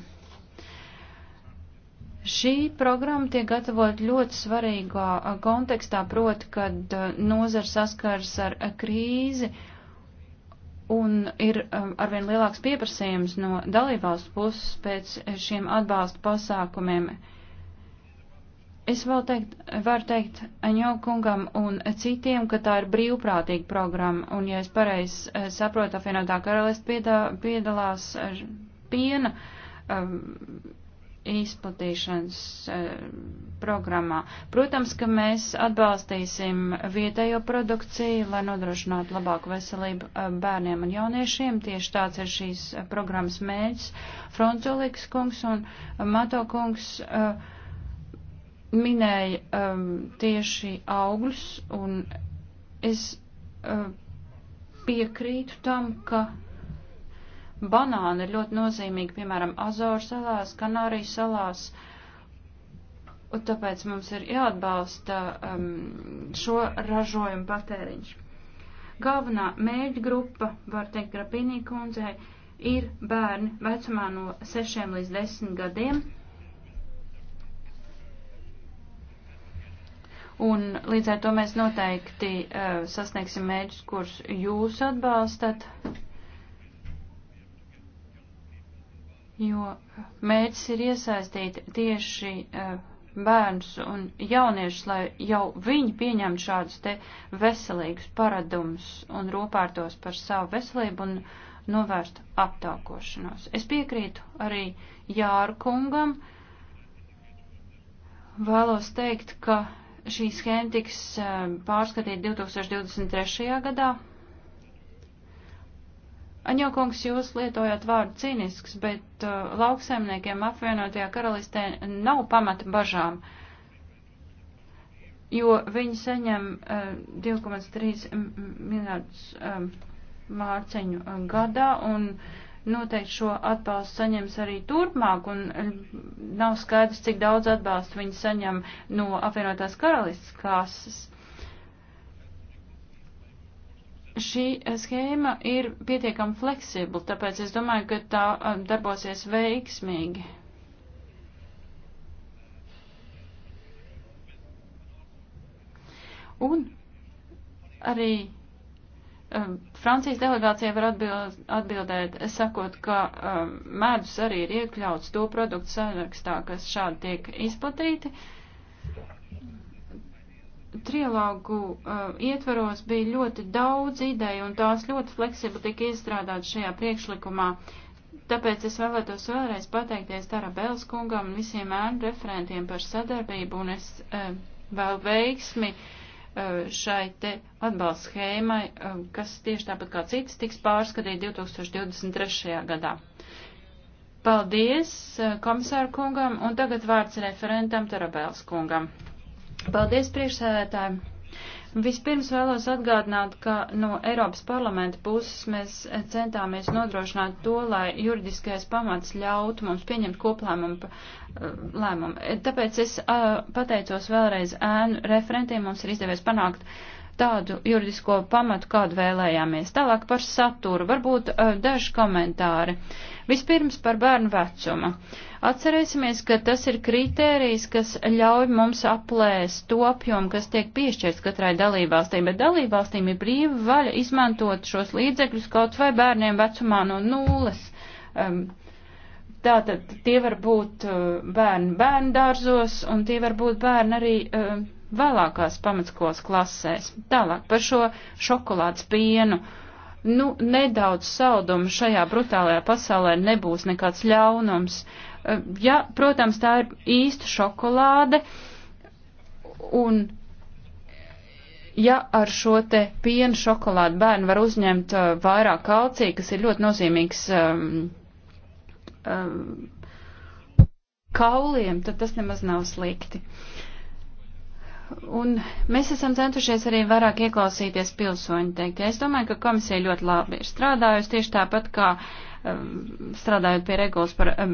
Šī programma tiek gatavot ļoti svarīgā uh, kontekstā, proti, kad uh, nozara saskars ar uh, krīzi un ir um, arvien lielāks pieprasījums no dalībvalstu puses pēc šiem atbalsta pasākumiem. Es vēl teikt, varu teikt Aņokungam un citiem, ka tā ir brīvprātīga programma, un ja es pareizi eh, saprotu, apvienotā karalista piedā, piedalās eh, piena um, izplatīšanas um, programmā. Protams, ka mēs atbalstīsim vietējo produkciju, lai nodrošinātu labāku veselību bērniem un jauniešiem. Tieši tāds ir šīs programmas mēģis. Fronzoliks kungs un Mato kungs. Uh, minēja um, tieši augļus, un es uh, piekrītu tam, ka banāna ir ļoti nozīmīga, piemēram, Azoru salās, Kanārijas salās, un tāpēc mums ir jāatbalsta um, šo ražojumu patēriņš. Galvenā mērķgrupa, var teikt, Grapinī kundzei, ir bērni vecumā no 6 līdz 10 gadiem Un līdz ar to mēs noteikti uh, sasniegsim mērķus, kurus jūs atbalstat, jo mērķis ir iesaistīt tieši uh, bērns un jauniešus, lai jau viņi pieņemtu šādus te veselīgus paradumus un rūpētos par savu veselību un novērstu aptaukošanos. Es piekrītu arī Jārkungam. Vēlos teikt, ka Šī schēma tiks um, pārskatīta 2023. gadā. Aņokungs, jūs lietojat vārdu cīnisks, bet uh, lauksaimniekiem apvienotajā karalistē nav pamata bažām, jo viņi saņem uh, 2,3 miljārdus um, uh, mārciņu gadā un uh, noteikti šo atbalstu saņems arī turpmāk, un eh, nav skaidrs, cik daudz atbalstu viņi saņem no apvienotās karalists kāses. Šī eh, schēma ir pietiekami fleksibla, tāpēc es domāju, ka tā eh, darbosies veiksmīgi. Un arī Francijas delegācija var atbild, atbildēt, sakot, ka um, medus arī ir iekļauts to produktu sarakstā, kas šādi tiek izplatīti. Trialogu uh, ietvaros bija ļoti daudz ideju, un tās ļoti fleksibli tika izstrādātas šajā priekšlikumā. Tāpēc es vēlētos vēlreiz pateikties Tarabēls kungam un visiem ēnu referentiem par sadarbību, un es uh, vēl veiksmi uh, E, šai te atbalsta schēmai, e, kas tieši tāpat kā citas tiks pārskatīt 2023. gadā. Paldies e, komisāru kungam un tagad vārds referentam Tarabēls kungam. Paldies priekšsēdētājiem! Vispirms vēlos atgādināt, ka no Eiropas parlamenta puses mēs centāmies nodrošināt to, lai juridiskais pamats ļautu mums pieņemt koplēmumu. Eh, lēmumu. Tāpēc es uh, pateicos vēlreiz ēnu referentiem, mums ir izdevies panākt uh, tādu juridisko pamatu, kādu vēlējāmies. Tālāk par saturu, varbūt uh, daži komentāri. Vispirms par bērnu vecumu. Atcerēsimies, ka tas ir kritērijs, kas ļauj mums aplēst to apjomu, kas tiek piešķirts katrai dalībvalstīm, bet dalībvalstīm ir brīva vaļa izmantot šos līdzekļus kaut vai bērniem vecumā no nulles. Um, Tātad tie var būt uh, bērni bērnu dārzos, un tie var būt bērni arī uh, vēlākās pamatskolas klasēs. Tālāk par šo šokolādes pienu. Nu, nedaudz saldumu šajā brutālajā pasaulē nebūs nekāds ļaunums. Eh, ja, protams, tā ir īsta šokolāde, un ja ar šo te pienu šokolādu bērnu var uzņemt eh, vairāk kalcija, kas ir ļoti nozīmīgs um, um, kauliem, tad tas nemaz nav slikti. Uh, Un mēs esam centušies arī vairāk ieklausīties pilsoņu teikt. Es domāju, ka komisija ļoti labi ir strādājusi tieši tāpat kā um, strādājot pie regulas par um,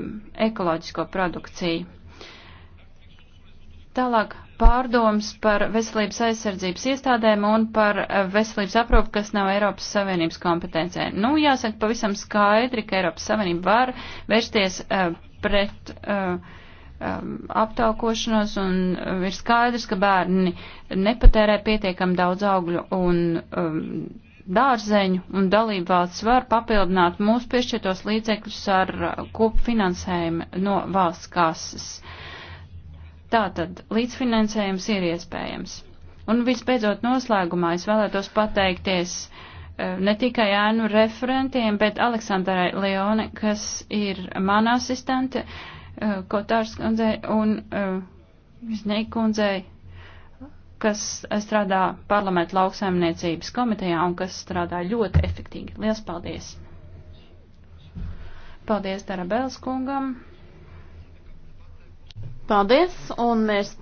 ekoloģisko produkciju. Tālāk pārdoms par veselības aizsardzības iestādēm un par uh, veselības aprūpu, kas nav Eiropas Savienības kompetencē. Nu, jāsaka pavisam skaidri, ka Eiropas Savienība var vērsties uh, pret. Uh, Um, aptaukošanos un um, ir skaidrs, ka bērni nepatērē pietiekam daudz augļu un um, dārzeņu un dalībvalsts var papildināt mūsu piešķirtos līdzekļus ar uh, kopfinansējumu no valsts kases. Tātad līdzfinansējums ir iespējams. Un visbeidzot noslēgumā es vēlētos pateikties uh, ne tikai ēnu referentiem, bet Aleksandrai Leone, kas ir mana asistente, uh, uh, Kotārs kundzei un uh, eh, Znei kundzei, kas strādā parlamentu lauksaimniecības komitejā un kas strādā ļoti efektīgi. Lielas paldies! Paldies Tarabels kungam! Paldies, un mēs